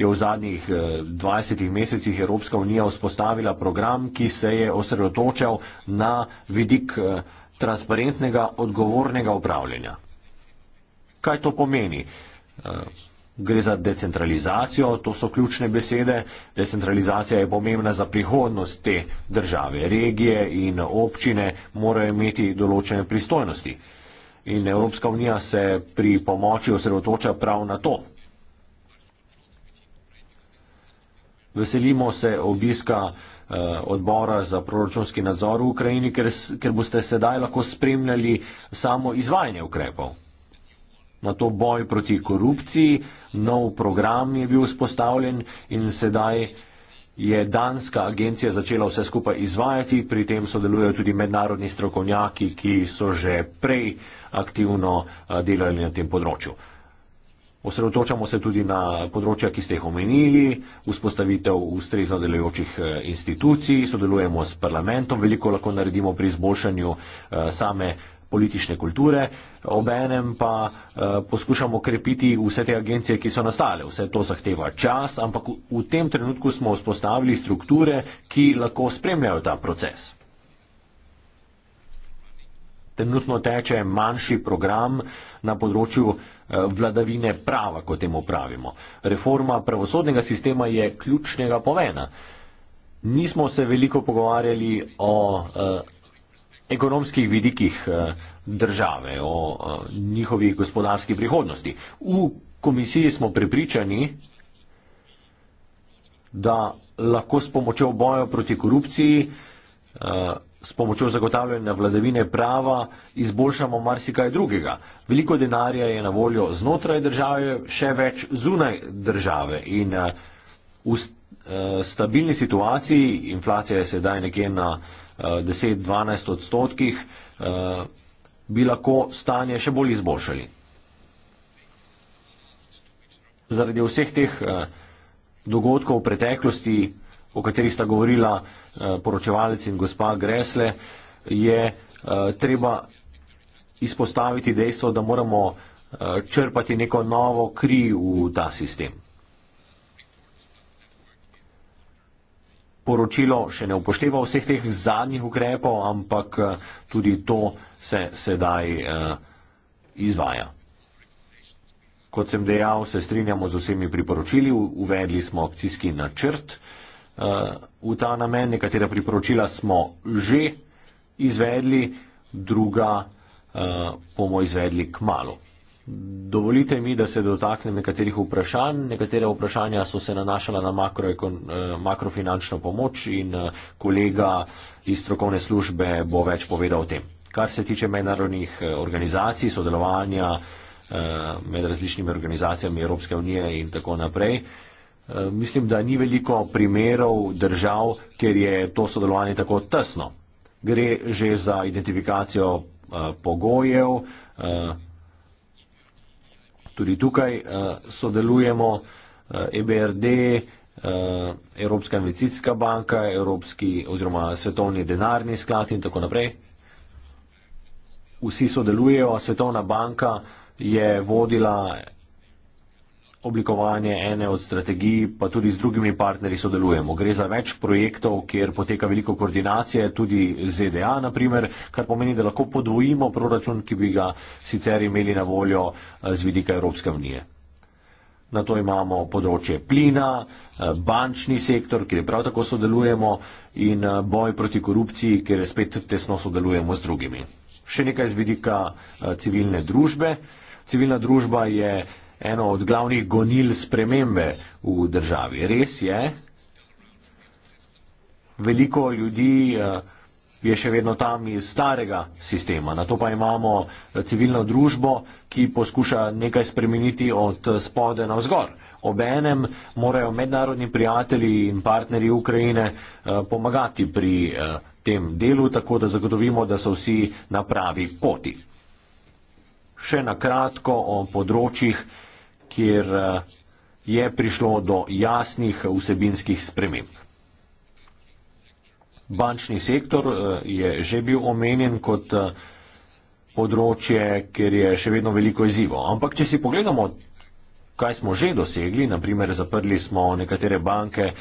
je v zadnjih 20 eh, mesecih Evropska unija vzpostavila program, ki se je osredotočal na vidik eh, transparentnega, odgovornega upravljanja. Kaj to pomeni? Eh, gre za decentralizacijo, to so ključne besede. Decentralizacija je pomembna za prihodnost te države. Regije in občine morajo imeti določene pristojnosti in Evropska unija se pri pomoči osredotoča prav na to. Veselimo se obiska eh, odbora za proračunski nadzor v Ukrajini, ker, ker boste sedaj lahko spremljali samo izvajanje ukrepov. Na to boj proti korupciji, nov program je bil vzpostavljen in sedaj je danska agencija začela vse skupaj izvajati, pri tem sodelujejo tudi mednarodni strokovnjaki, ki so že prej aktivno delali na tem področju. Osredotočamo se tudi na področja, ki ste jih omenili, vzpostavitev ustrezno delujočih e, institucij, sodelujemo s parlamentom, veliko lahko naredimo pri izboljšanju e, same politične kulture, obenem pa eh, poskušamo krepiti vse te agencije, ki so nastale. Vse to zahteva čas, ampak v, v tem trenutku smo vzpostavili strukture, ki lahko spremljajo ta proces. Trenutno teče manjši program na področju eh, vladavine prava, kot temu pravimo. Reforma pravosodnega sistema je ključnega povena. Nismo se veliko pogovarjali o eh, ekonomskih vidikih eh, države, o eh, njihovi gospodarski prihodnosti. V komisiji smo prepričani, da lahko s pomočjo boja proti korupciji, eh, s pomočjo zagotavljanja vladavine prava izboljšamo marsikaj drugega. Veliko denarja je na voljo znotraj države, še več zunaj države in v stabilni situaciji, inflacija je sedaj nekje na 10-12 odstotkih, eh, bi lahko stanje še bolj izboljšali. Zaradi vseh teh eh, dogodkov v preteklosti, o katerih sta govorila eh, poročevalec in gospa Gresle, je treba izpostaviti dejstvo, da moramo črpati neko novo kri v ta sistem. poročilo še ne upošteva vseh teh zadnjih ukrepov, ampak eh, tudi to se sedaj eh, izvaja. Kot sem dejal, se strinjamo z vsemi priporočili, uvedli smo akcijski načrt eh, v ta namen, nekatera priporočila smo že izvedli, druga bomo izvedli k malu. Dovolite mi, da se dotaknem nekaterih vprašanj. Nekatera vprašanja so se nanašala na eh, makrofinančno pomoč in eh, kolega iz strokovne službe bo več povedal o tem. Kar se tiče mednarodnih eh, organizacij, sodelovanja med različnimi organizacijami Evropske unije in tako naprej, mislim, da ni veliko primerov držav, kjer je to sodelovanje tako tesno. Gre že za identifikacijo pogojev, tudi tukaj uh, sodelujemo uh, eh, EBRD, uh, eh, Evropska investicijska banka, Evropski oziroma Svetovni denarni sklad in tako naprej. Vsi sodelujejo, Svetovna banka je vodila oblikovanje ene od strategij, pa tudi z drugimi partnerji sodelujemo. Gre za več projektov, kjer poteka veliko koordinacije, tudi ZDA, naprimer, kar pomeni, da lahko podvojimo proračun, ki bi ga sicer imeli na voljo eh, z vidika Evropske unije. Na to imamo področje plina, eh, bančni sektor, kjer prav tako sodelujemo in eh, boj proti korupciji, kjer spet tesno sodelujemo z drugimi. Še nekaj z vidika civilne družbe. Civilna družba je eno od glavnih gonil spremembe v državi. Res je, veliko ljudi eh, je še vedno tam iz starega sistema. Na to pa imamo eh, civilno družbo, ki poskuša nekaj spremeniti od eh, spode na vzgor. Obenem morajo mednarodni prijatelji in partnerji Ukrajine pomagati pri tem delu, tako da zagotovimo, da so vsi na pravi poti. Še na kratko o področjih, kjer eh, je prišlo do jasnih vsebinskih sprememb. Bančni sektor eh, je že bil omenjen kot eh, področje, kjer je še vedno veliko izzivo. Ampak, če si pogledamo, kaj smo že dosegli, naprimer zaprli smo nekatere banke,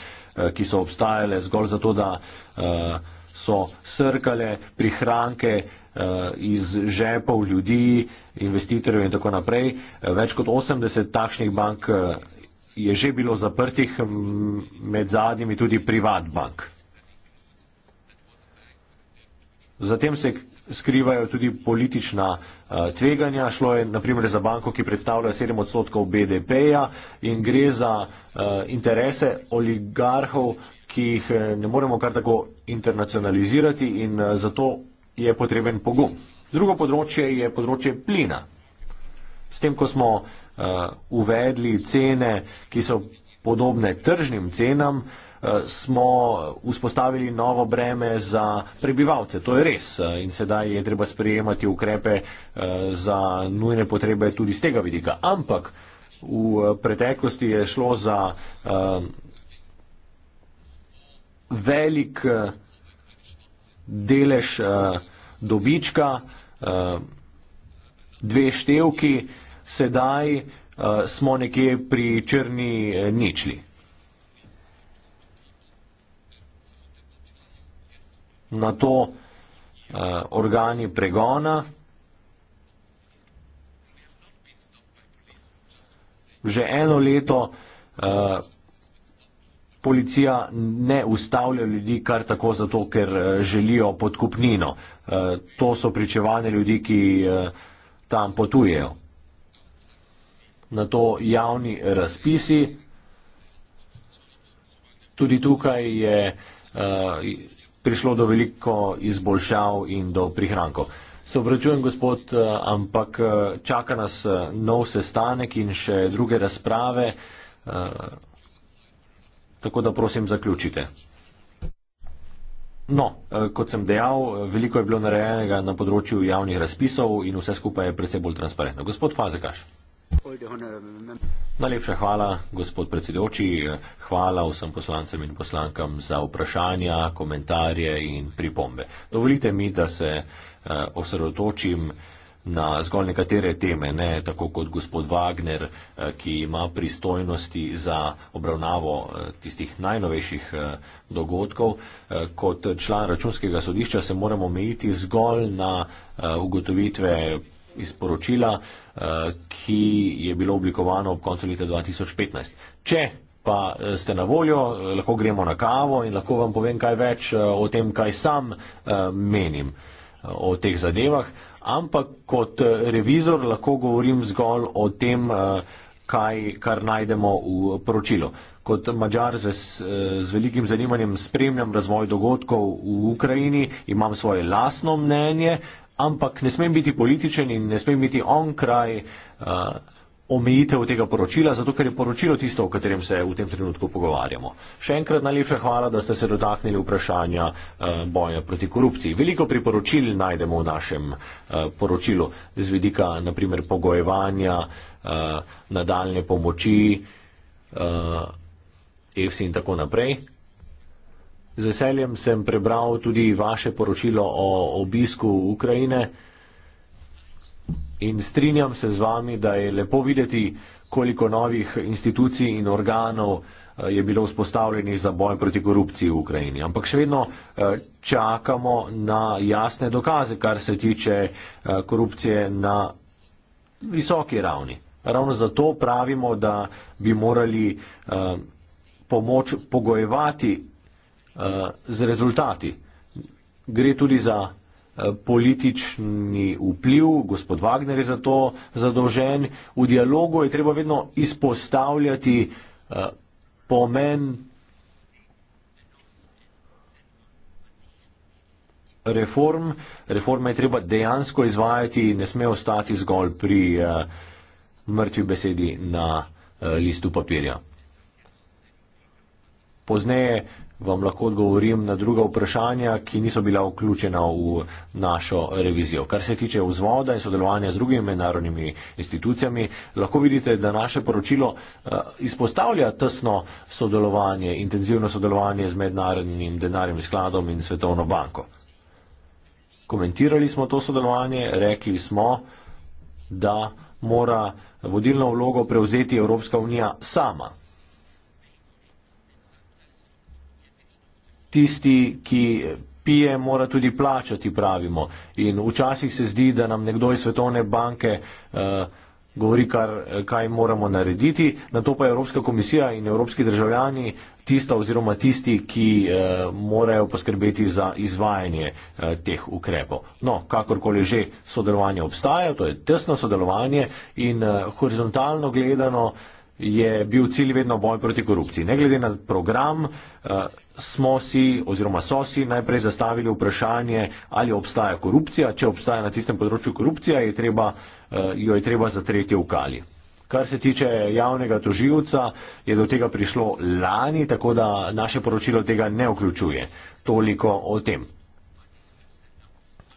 ki so obstajale zgolj zato, da uh, so srkale prihranke eh, iz žepov ljudi, investitorjev in tako naprej. Več kot 80 takšnih bank eh, je že bilo zaprtih, med zadnjimi tudi privat bank. Zatem se skrivajo tudi politična eh, tveganja. Šlo je naprimer za banko, ki predstavlja 7 odstotkov BDP-ja in gre za interese oligarhov ki jih eh, ne moremo kar tako internacionalizirati in eh, zato je potreben pogum. Drugo področje je področje plina. S tem, ko smo uh, uvedli cene, ki so podobne tržnim cenam, uh, smo vzpostavili novo breme za prebivalce. To je res. In sedaj je treba sprejemati ukrepe uh, za nujne potrebe tudi z tega vidika. Ampak v preteklosti je šlo za. Uh, velik eh, delež eh, dobička, eh, dve števki, sedaj smo nekje pri črni ničli. Na to organi pregona že eno leto policija ne ustavlja ljudi kar tako zato, ker eh, želijo podkupnino. Eh, to so pričevane ljudi, ki eh, tam potujejo. Na to javni razpisi. Tudi tukaj je prišlo do veliko izboljšav in do prihrankov. Se obračujem, gospod, ampak čaka nas nov sestanek in še druge razprave tako da prosim zaključite. No, eh, kot sem dejal, eh, veliko je bilo narejenega na področju javnih razpisov in vse skupaj je predvsej bolj transparentno. Gospod Fazekaš. Najlepša hvala, gospod predsedoči. Hvala vsem poslancem in poslankam za vprašanja, komentarje in pripombe. Dovolite mi, da se eh, osredotočim. Uh, na zgolj nekatere teme, ne tako kot gospod Wagner, eh, ki ima pristojnosti za obravnavo eh, tistih najnovejših eh, dogodkov. Kot član računskega sodišča se moramo omejiti zgolj na ugotovitve izporočila, ki je bilo oblikovano ob koncu leta 2015. Če pa ste na voljo, lahko gremo na kavo in lahko vam povem kaj več o tem, kaj sam menim o teh zadevah, ampak kot eh, revizor lahko govorim zgolj o tem, eh, kaj, kar najdemo v poročilu. Kot mačar z, eh, z velikim zanimanjem spremljam razvoj dogodkov v Ukrajini, imam svoje lasno mnenje, ampak ne smem biti političen in ne smem biti on kraj omejitev tega poročila, zato ker je poročilo tisto, o katerem se v tem trenutku pogovarjamo. Še enkrat najlepša hvala, da ste se dotaknili vprašanja eh, boja proti korupciji. Veliko priporočil najdemo v našem eh, poročilu z vidika naprimer pogojevanja, eh, nadaljne pomoči, EFSI in tako naprej. Z veseljem sem prebral tudi vaše poročilo o obisku Ukrajine. In strinjam se z vami, da je lepo videti, koliko novih institucij in organov eh, je bilo vzpostavljenih za boj proti korupciji v Ukrajini. Ampak še vedno eh, čakamo na jasne dokaze, kar se tiče eh, korupcije na visoki ravni. Ravno zato pravimo, da bi morali pomoč pogojevati z rezultati. Gre tudi za Eh, politični vpliv, gospod Wagner je za to zadolžen. V dialogu je treba vedno izpostavljati eh, pomen reform. Reforme je treba dejansko izvajati, ne sme ostati zgolj pri eh, mrtvi besedi na listu papirja. Pozneje vam lahko odgovorim na druga vprašanja, ki niso bila vključena v našo revizijo. Kar se tiče vzvoda in sodelovanja z drugimi mednarodnimi institucijami, lahko vidite, da naše poročilo eh, izpostavlja tesno sodelovanje, intenzivno sodelovanje z mednarodnim denarnim skladom in Svetovno banko. Komentirali smo to sodelovanje, rekli smo, da mora vodilno vlogo prevzeti Evropska unija sama. tisti, ki pije, mora tudi plačati, pravimo. In včasih se zdi, da nam nekdo iz Svetovne banke uh, govori, kar, kaj moramo narediti, na to pa je Evropska komisija in evropski državljani tista oziroma tisti, ki uh, morajo poskrbeti za izvajanje uh, teh ukrepov. No, kakorkoli že sodelovanje obstaja, to je tesno sodelovanje in uh, horizontalno gledano uh, je bil cilj vedno boj proti korupciji. Ne glede na program, eh, smo si oziroma so si najprej zastavili vprašanje, ali obstaja korupcija. Če obstaja na tistem področju korupcija, je treba, eh, jo je treba zatreti v kali. Kar se tiče javnega toživca, je do tega prišlo lani, tako da naše poročilo tega ne vključuje. Toliko o tem.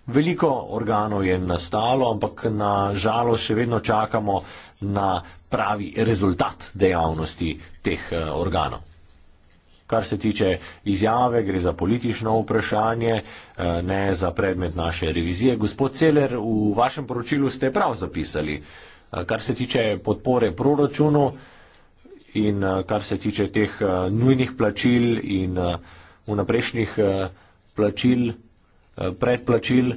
Veliko organov je nastalo, ampak na žalost še vedno čakamo na pravi rezultat dejavnosti teh eh, organov. Kar se tiče izjave, gre za politično vprašanje, eh, ne za predmet naše revizije. Gospod Celer, v vašem poročilu ste prav zapisali, eh, kar se tiče podpore proračunu in kar se tiče teh nujnih plačil in vnaprejšnjih plačil, predplačil,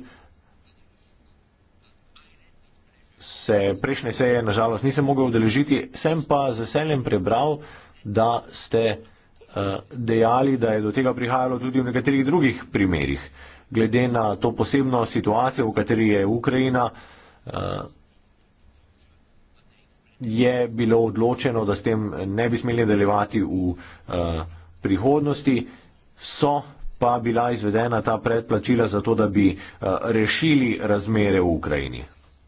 se prejšnje seje nažalost nisem mogel udeležiti, sem pa z veseljem prebral, da ste eh, dejali, da je do tega prihajalo tudi v nekaterih drugih primerjih. Glede na to posebno situacijo, v kateri je Ukrajina, eh, je bilo odločeno, da s tem ne bi smeli nadaljevati v eh, prihodnosti. So pa bila izvedena ta predplačila za to, da bi rešili razmere v Ukrajini.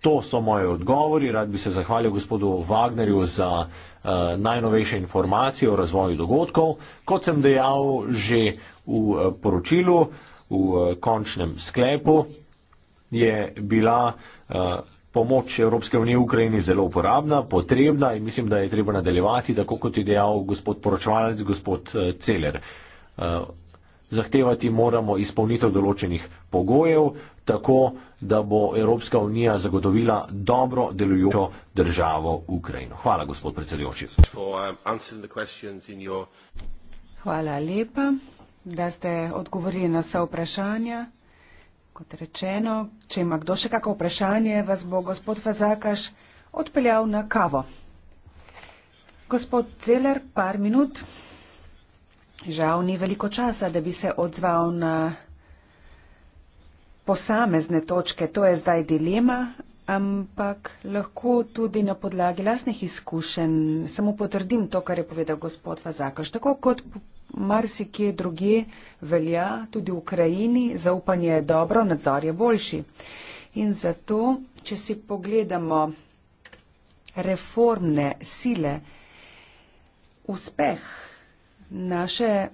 To so moje odgovori. Rad bi se zahvalil gospodu Wagnerju za uh, najnovejše informacije o razvoju dogodkov. Kot sem dejal že v uh, poročilu, v uh, končnem sklepu, je bila uh, pomoč Evropske unije Ukrajini zelo uporabna, potrebna in mislim, da je treba nadaljevati, tako kot je dejal gospod poročevalec, gospod uh, Celer. Uh, zahtevati moramo izpolnitev določenih pogojev, tako da bo Evropska unija zagotovila dobro delujočo državo Ukrajino. Hvala, gospod predsedujoči. Um, Hvala lepa, da ste odgovorili na vse vprašanja. Kot rečeno, če ima kdo še kakšno vprašanje, vas bo gospod Fazakaš odpeljal na kavo. Gospod Zeller, par minut. Žal ni veliko časa, da bi se odzval na posamezne točke. To je zdaj dilema, ampak lahko tudi na podlagi lasnih izkušenj samo potrdim to, kar je povedal gospod Fazakaš. Tako kot marsikje druge velja, tudi v Ukrajini zaupanje je dobro, nadzor je boljši. In zato, če si pogledamo reformne sile, uspeh naše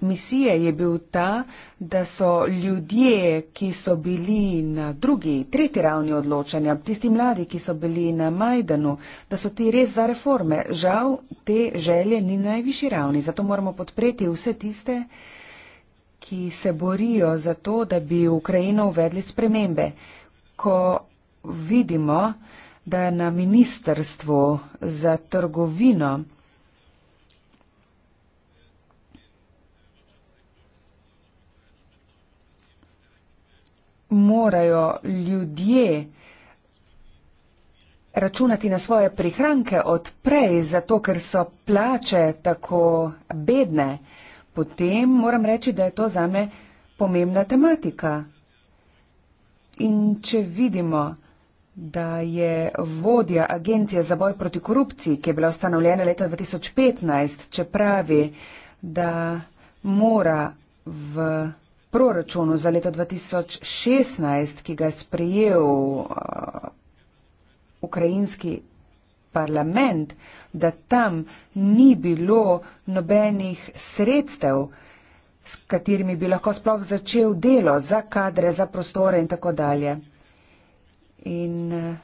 misije je bil ta, da so ljudje, ki so bili na drugi, tretji ravni odločanja, tisti mladi, ki so bili na Majdanu, da so ti res za reforme. Žal te želje ni na najvišji ravni, zato moramo podpreti vse tiste, ki se borijo za to, da bi v Ukrajino uvedli spremembe. Ko vidimo, da na ministrstvu za trgovino morajo ljudje računati na svoje prihranke odprej, zato ker so plače tako bedne, potem moram reči, da je to zame pomembna tematika. In če vidimo, da je vodja Agencije za boj proti korupciji, ki je bila ustanovljena leta 2015, če pravi, da mora v proračunu za leto 2016, ki ga je sprejel uh, ukrajinski parlament, da tam ni bilo nobenih sredstev, s katerimi bi lahko sploh začel delo za kadre, za prostore in tako dalje. In uh,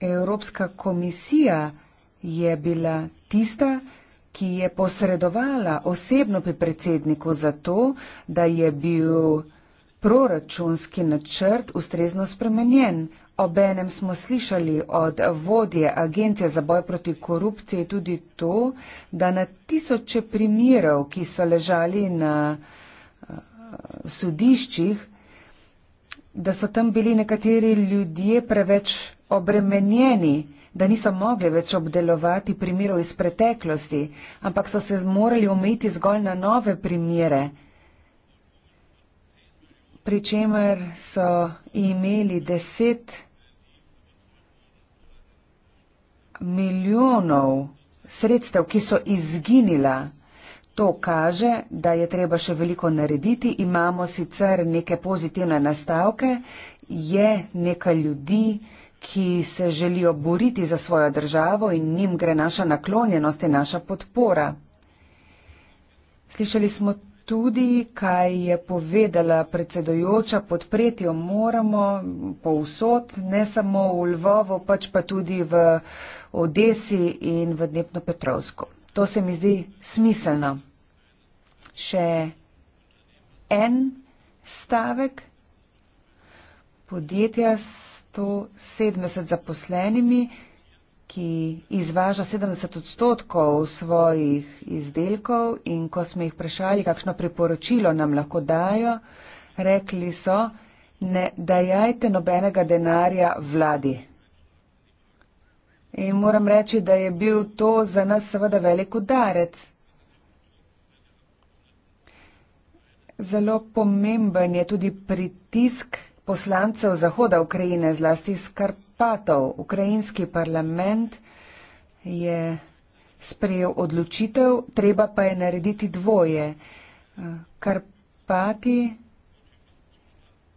Evropska komisija je bila tista, ki je posredovala osebno pri predsedniku za to, da je bil proračunski načrt ustrezno spremenjen. Obenem smo slišali od vodje Agencije za boj proti korupciji tudi to, da na tisoče primerov, ki so ležali na eh, sodiščih, da so tam bili nekateri ljudje preveč obremenjeni da niso mogli več obdelovati primerov iz preteklosti, ampak so se morali omejiti zgolj na nove primere, pri čemer so imeli deset milijonov sredstev, ki so izginila. To kaže, da je treba še veliko narediti. Imamo sicer neke pozitivne nastavke, je nekaj ljudi, ki se želijo boriti za svojo državo in njim gre naša naklonjenost in naša podpora. Slišali smo tudi, kaj je povedala predsedojoča, podpreti jo moramo povsod, ne samo v Lvovo, pač pa tudi v Odesi in v Dnepropetrovsko. To se mi zdi smiselno. Še en stavek podjetja s 170 zaposlenimi, ki izvaža 70 odstotkov svojih izdelkov in ko smo jih vprašali, kakšno priporočilo nam lahko dajo, rekli so, ne dajajte nobenega denarja vladi. In moram reči, da je bil to za nas seveda velik udarec. Zelo pomemben je tudi pritisk poslancev Zahoda Ukrajine, zlasti iz Karpatov, ukrajinski parlament je sprejel odločitev, treba pa je narediti dvoje. Karpati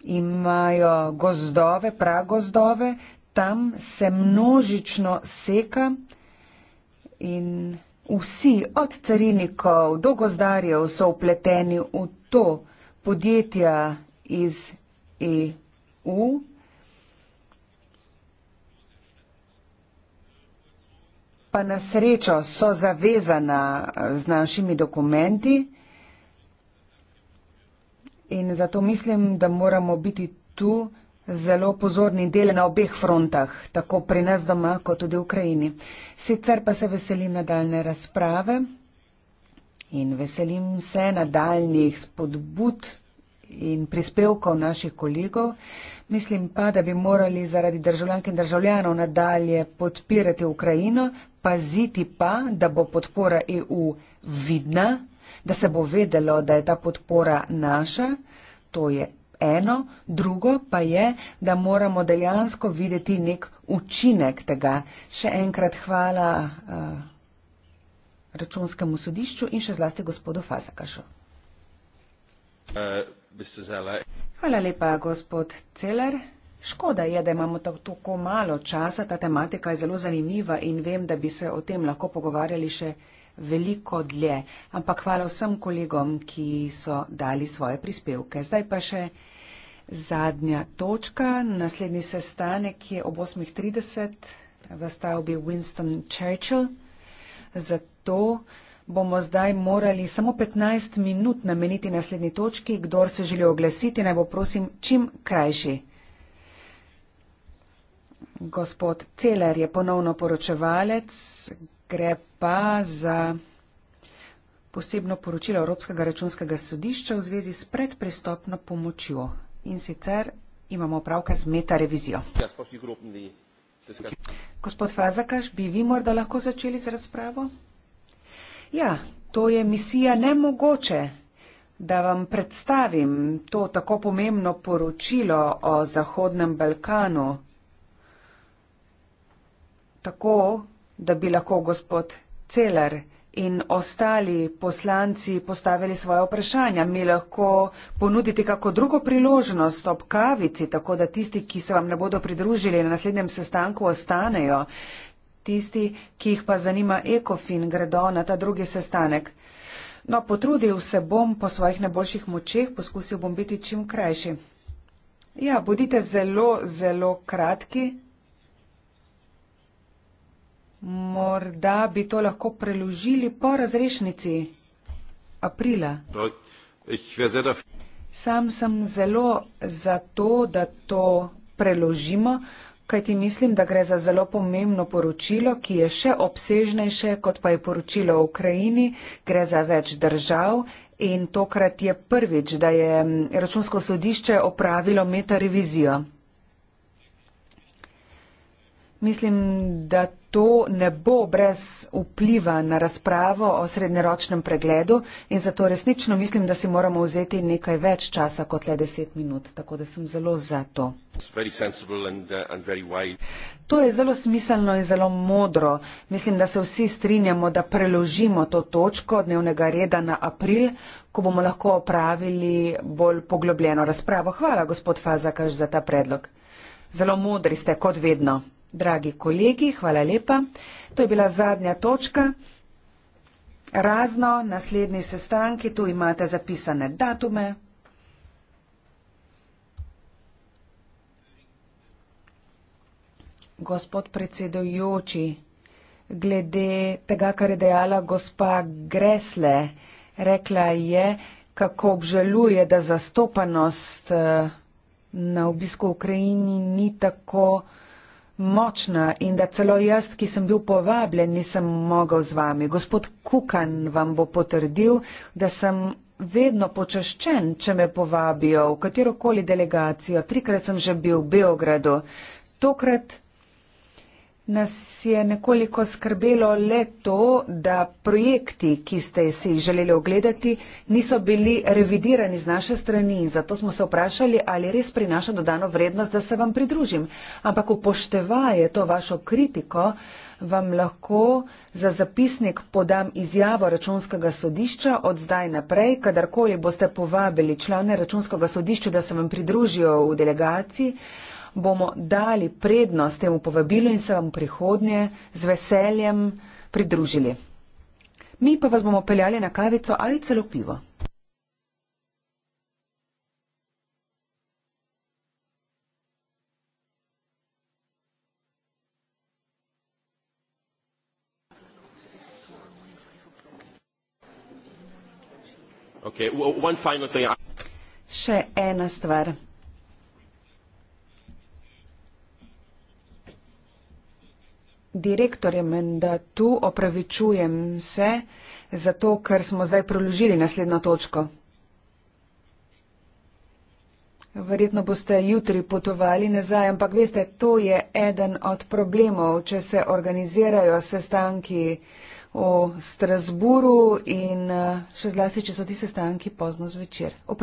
imajo gozdove, pragozdove, tam se množično seka in vsi, od carinikov do gozdarjev, so upleteni v to podjetja iz EU. Pa na srečo so zavezana eh, z našimi dokumenti in zato mislim, da moramo biti tu zelo pozorni del na obeh frontah, tako pri nas doma, kot tudi v Ukrajini. Sicer pa se veselim nadaljne razprave in veselim se nadaljnih spodbud in prispevkov naših kolegov. Mislim pa, da bi morali zaradi državljank in državljanov nadalje podpirati Ukrajino, paziti pa, da bo podpora EU vidna, da se bo vedelo, da je ta podpora naša. To je eno. Drugo pa je, da moramo dejansko videti nek učinek tega. Še enkrat hvala uh, računskemu sodišču in še zlasti gospodu Fazakašu. Uh bi se zdajle. Hvala lepa, gospod Celer. Škoda je, da imamo tako malo časa. Ta tematika je zelo zanimiva in vem, da bi se o tem lahko pogovarjali še veliko dlje. Ampak hvala vsem kolegom, ki so dali svoje prispevke. Zdaj pa še zadnja točka. Naslednji sestanek je ob 8.30 v stavbi Winston Churchill. Zato bomo zdaj morali samo 15 minut nameniti naslednji točki. Kdor se želi oglasiti, naj bo prosim čim krajši. Gospod Celer je ponovno poročevalec, gre pa za posebno poročilo Evropskega računskega sodišča v zvezi s predpristopno pomočjo. In sicer imamo opravka z meta revizijo. Gospod Fazakaš, bi vi morda lahko začeli z razpravo? Ja, to je misija nemogoče. Da vam predstavim to tako pomembno poročilo o Zahodnem Balkanu, tako da bi lahko gospod Celer in ostali poslanci postavili svoje vprašanja, mi lahko ponuditi kako drugo priložnost ob kavici, tako da tisti, ki se vam ne bodo pridružili na naslednjem sestanku, ostanejo. Uh, Tisti, ki jih pa zanima ekofin, gredo na ta drugi sestanek. No, potrudil se bom po svojih najboljših močeh, poskusil bom biti čim krajši. Ja, bodite zelo, zelo kratki. Morda bi to lahko preložili po razrešnici aprila. Sam sem zelo za to, da to preložimo kajti mislim, da gre za zelo pomembno poročilo, ki je še obsežnejše, kot pa je poročilo o Ukrajini, gre za več držav. In tokrat je prvič, da je mm, računsko sodišče opravilo metarevizijo. Mislim, da to ne bo brez vpliva na razpravo o srednjeročnem pregledu in zato resnično mislim, da si moramo vzeti nekaj več časa kot le deset minut. Tako da sem zelo za to. And, uh, and to je zelo smiselno in zelo modro. Mislim, da se vsi strinjamo, da preložimo to točko dnevnega reda na april, ko bomo lahko opravili bolj poglobljeno razpravo. Hvala, gospod Fazakaš, za ta predlog. Zelo modri ste, kot vedno. Dragi kolegi, hvala lepa. To je bila zadnja točka. Razno, naslednji sestanki, tu imate zapisane datume. Gospod predsedujoči, glede tega, kar je dejala gospa Gresle, rekla je, kako obžaluje, da zastopanost eh, na obisku v Ukrajini ni tako močna in da celo jaz, ki sem bil povabljen, nisem mogel z vami. Gospod Kukan vam bo potrdil, da sem vedno počaščen, če me povabijo v katerokoli delegacijo. Trikrat sem že bil v Beogradu. Tokrat Nas je nekoliko skrbelo le to, da projekti, ki ste si jih želeli ogledati, niso bili revidirani z naše strani in zato smo se vprašali, ali res prinaša dodano vrednost, da se vam pridružim. Ampak upoštevaje to vašo kritiko, vam lahko za zapisnik podam izjavo računskega sodišča od zdaj naprej, kadarkoli boste povabili člane računskega sodišča, da se vam pridružijo v delegaciji bomo dali prednost temu povabilu in se vam prihodnje z veseljem pridružili. Mi pa vas bomo peljali na kavico ali celo pivo. Še ena stvar. direktorjem in da tu opravičujem se za to, ker smo zdaj preložili naslednjo točko. Verjetno boste jutri potovali nazaj, ampak veste, to je eden od problemov, če se organizirajo sestanki v Strasburu in eh, še zlasti, če so ti sestanki pozno zvečer.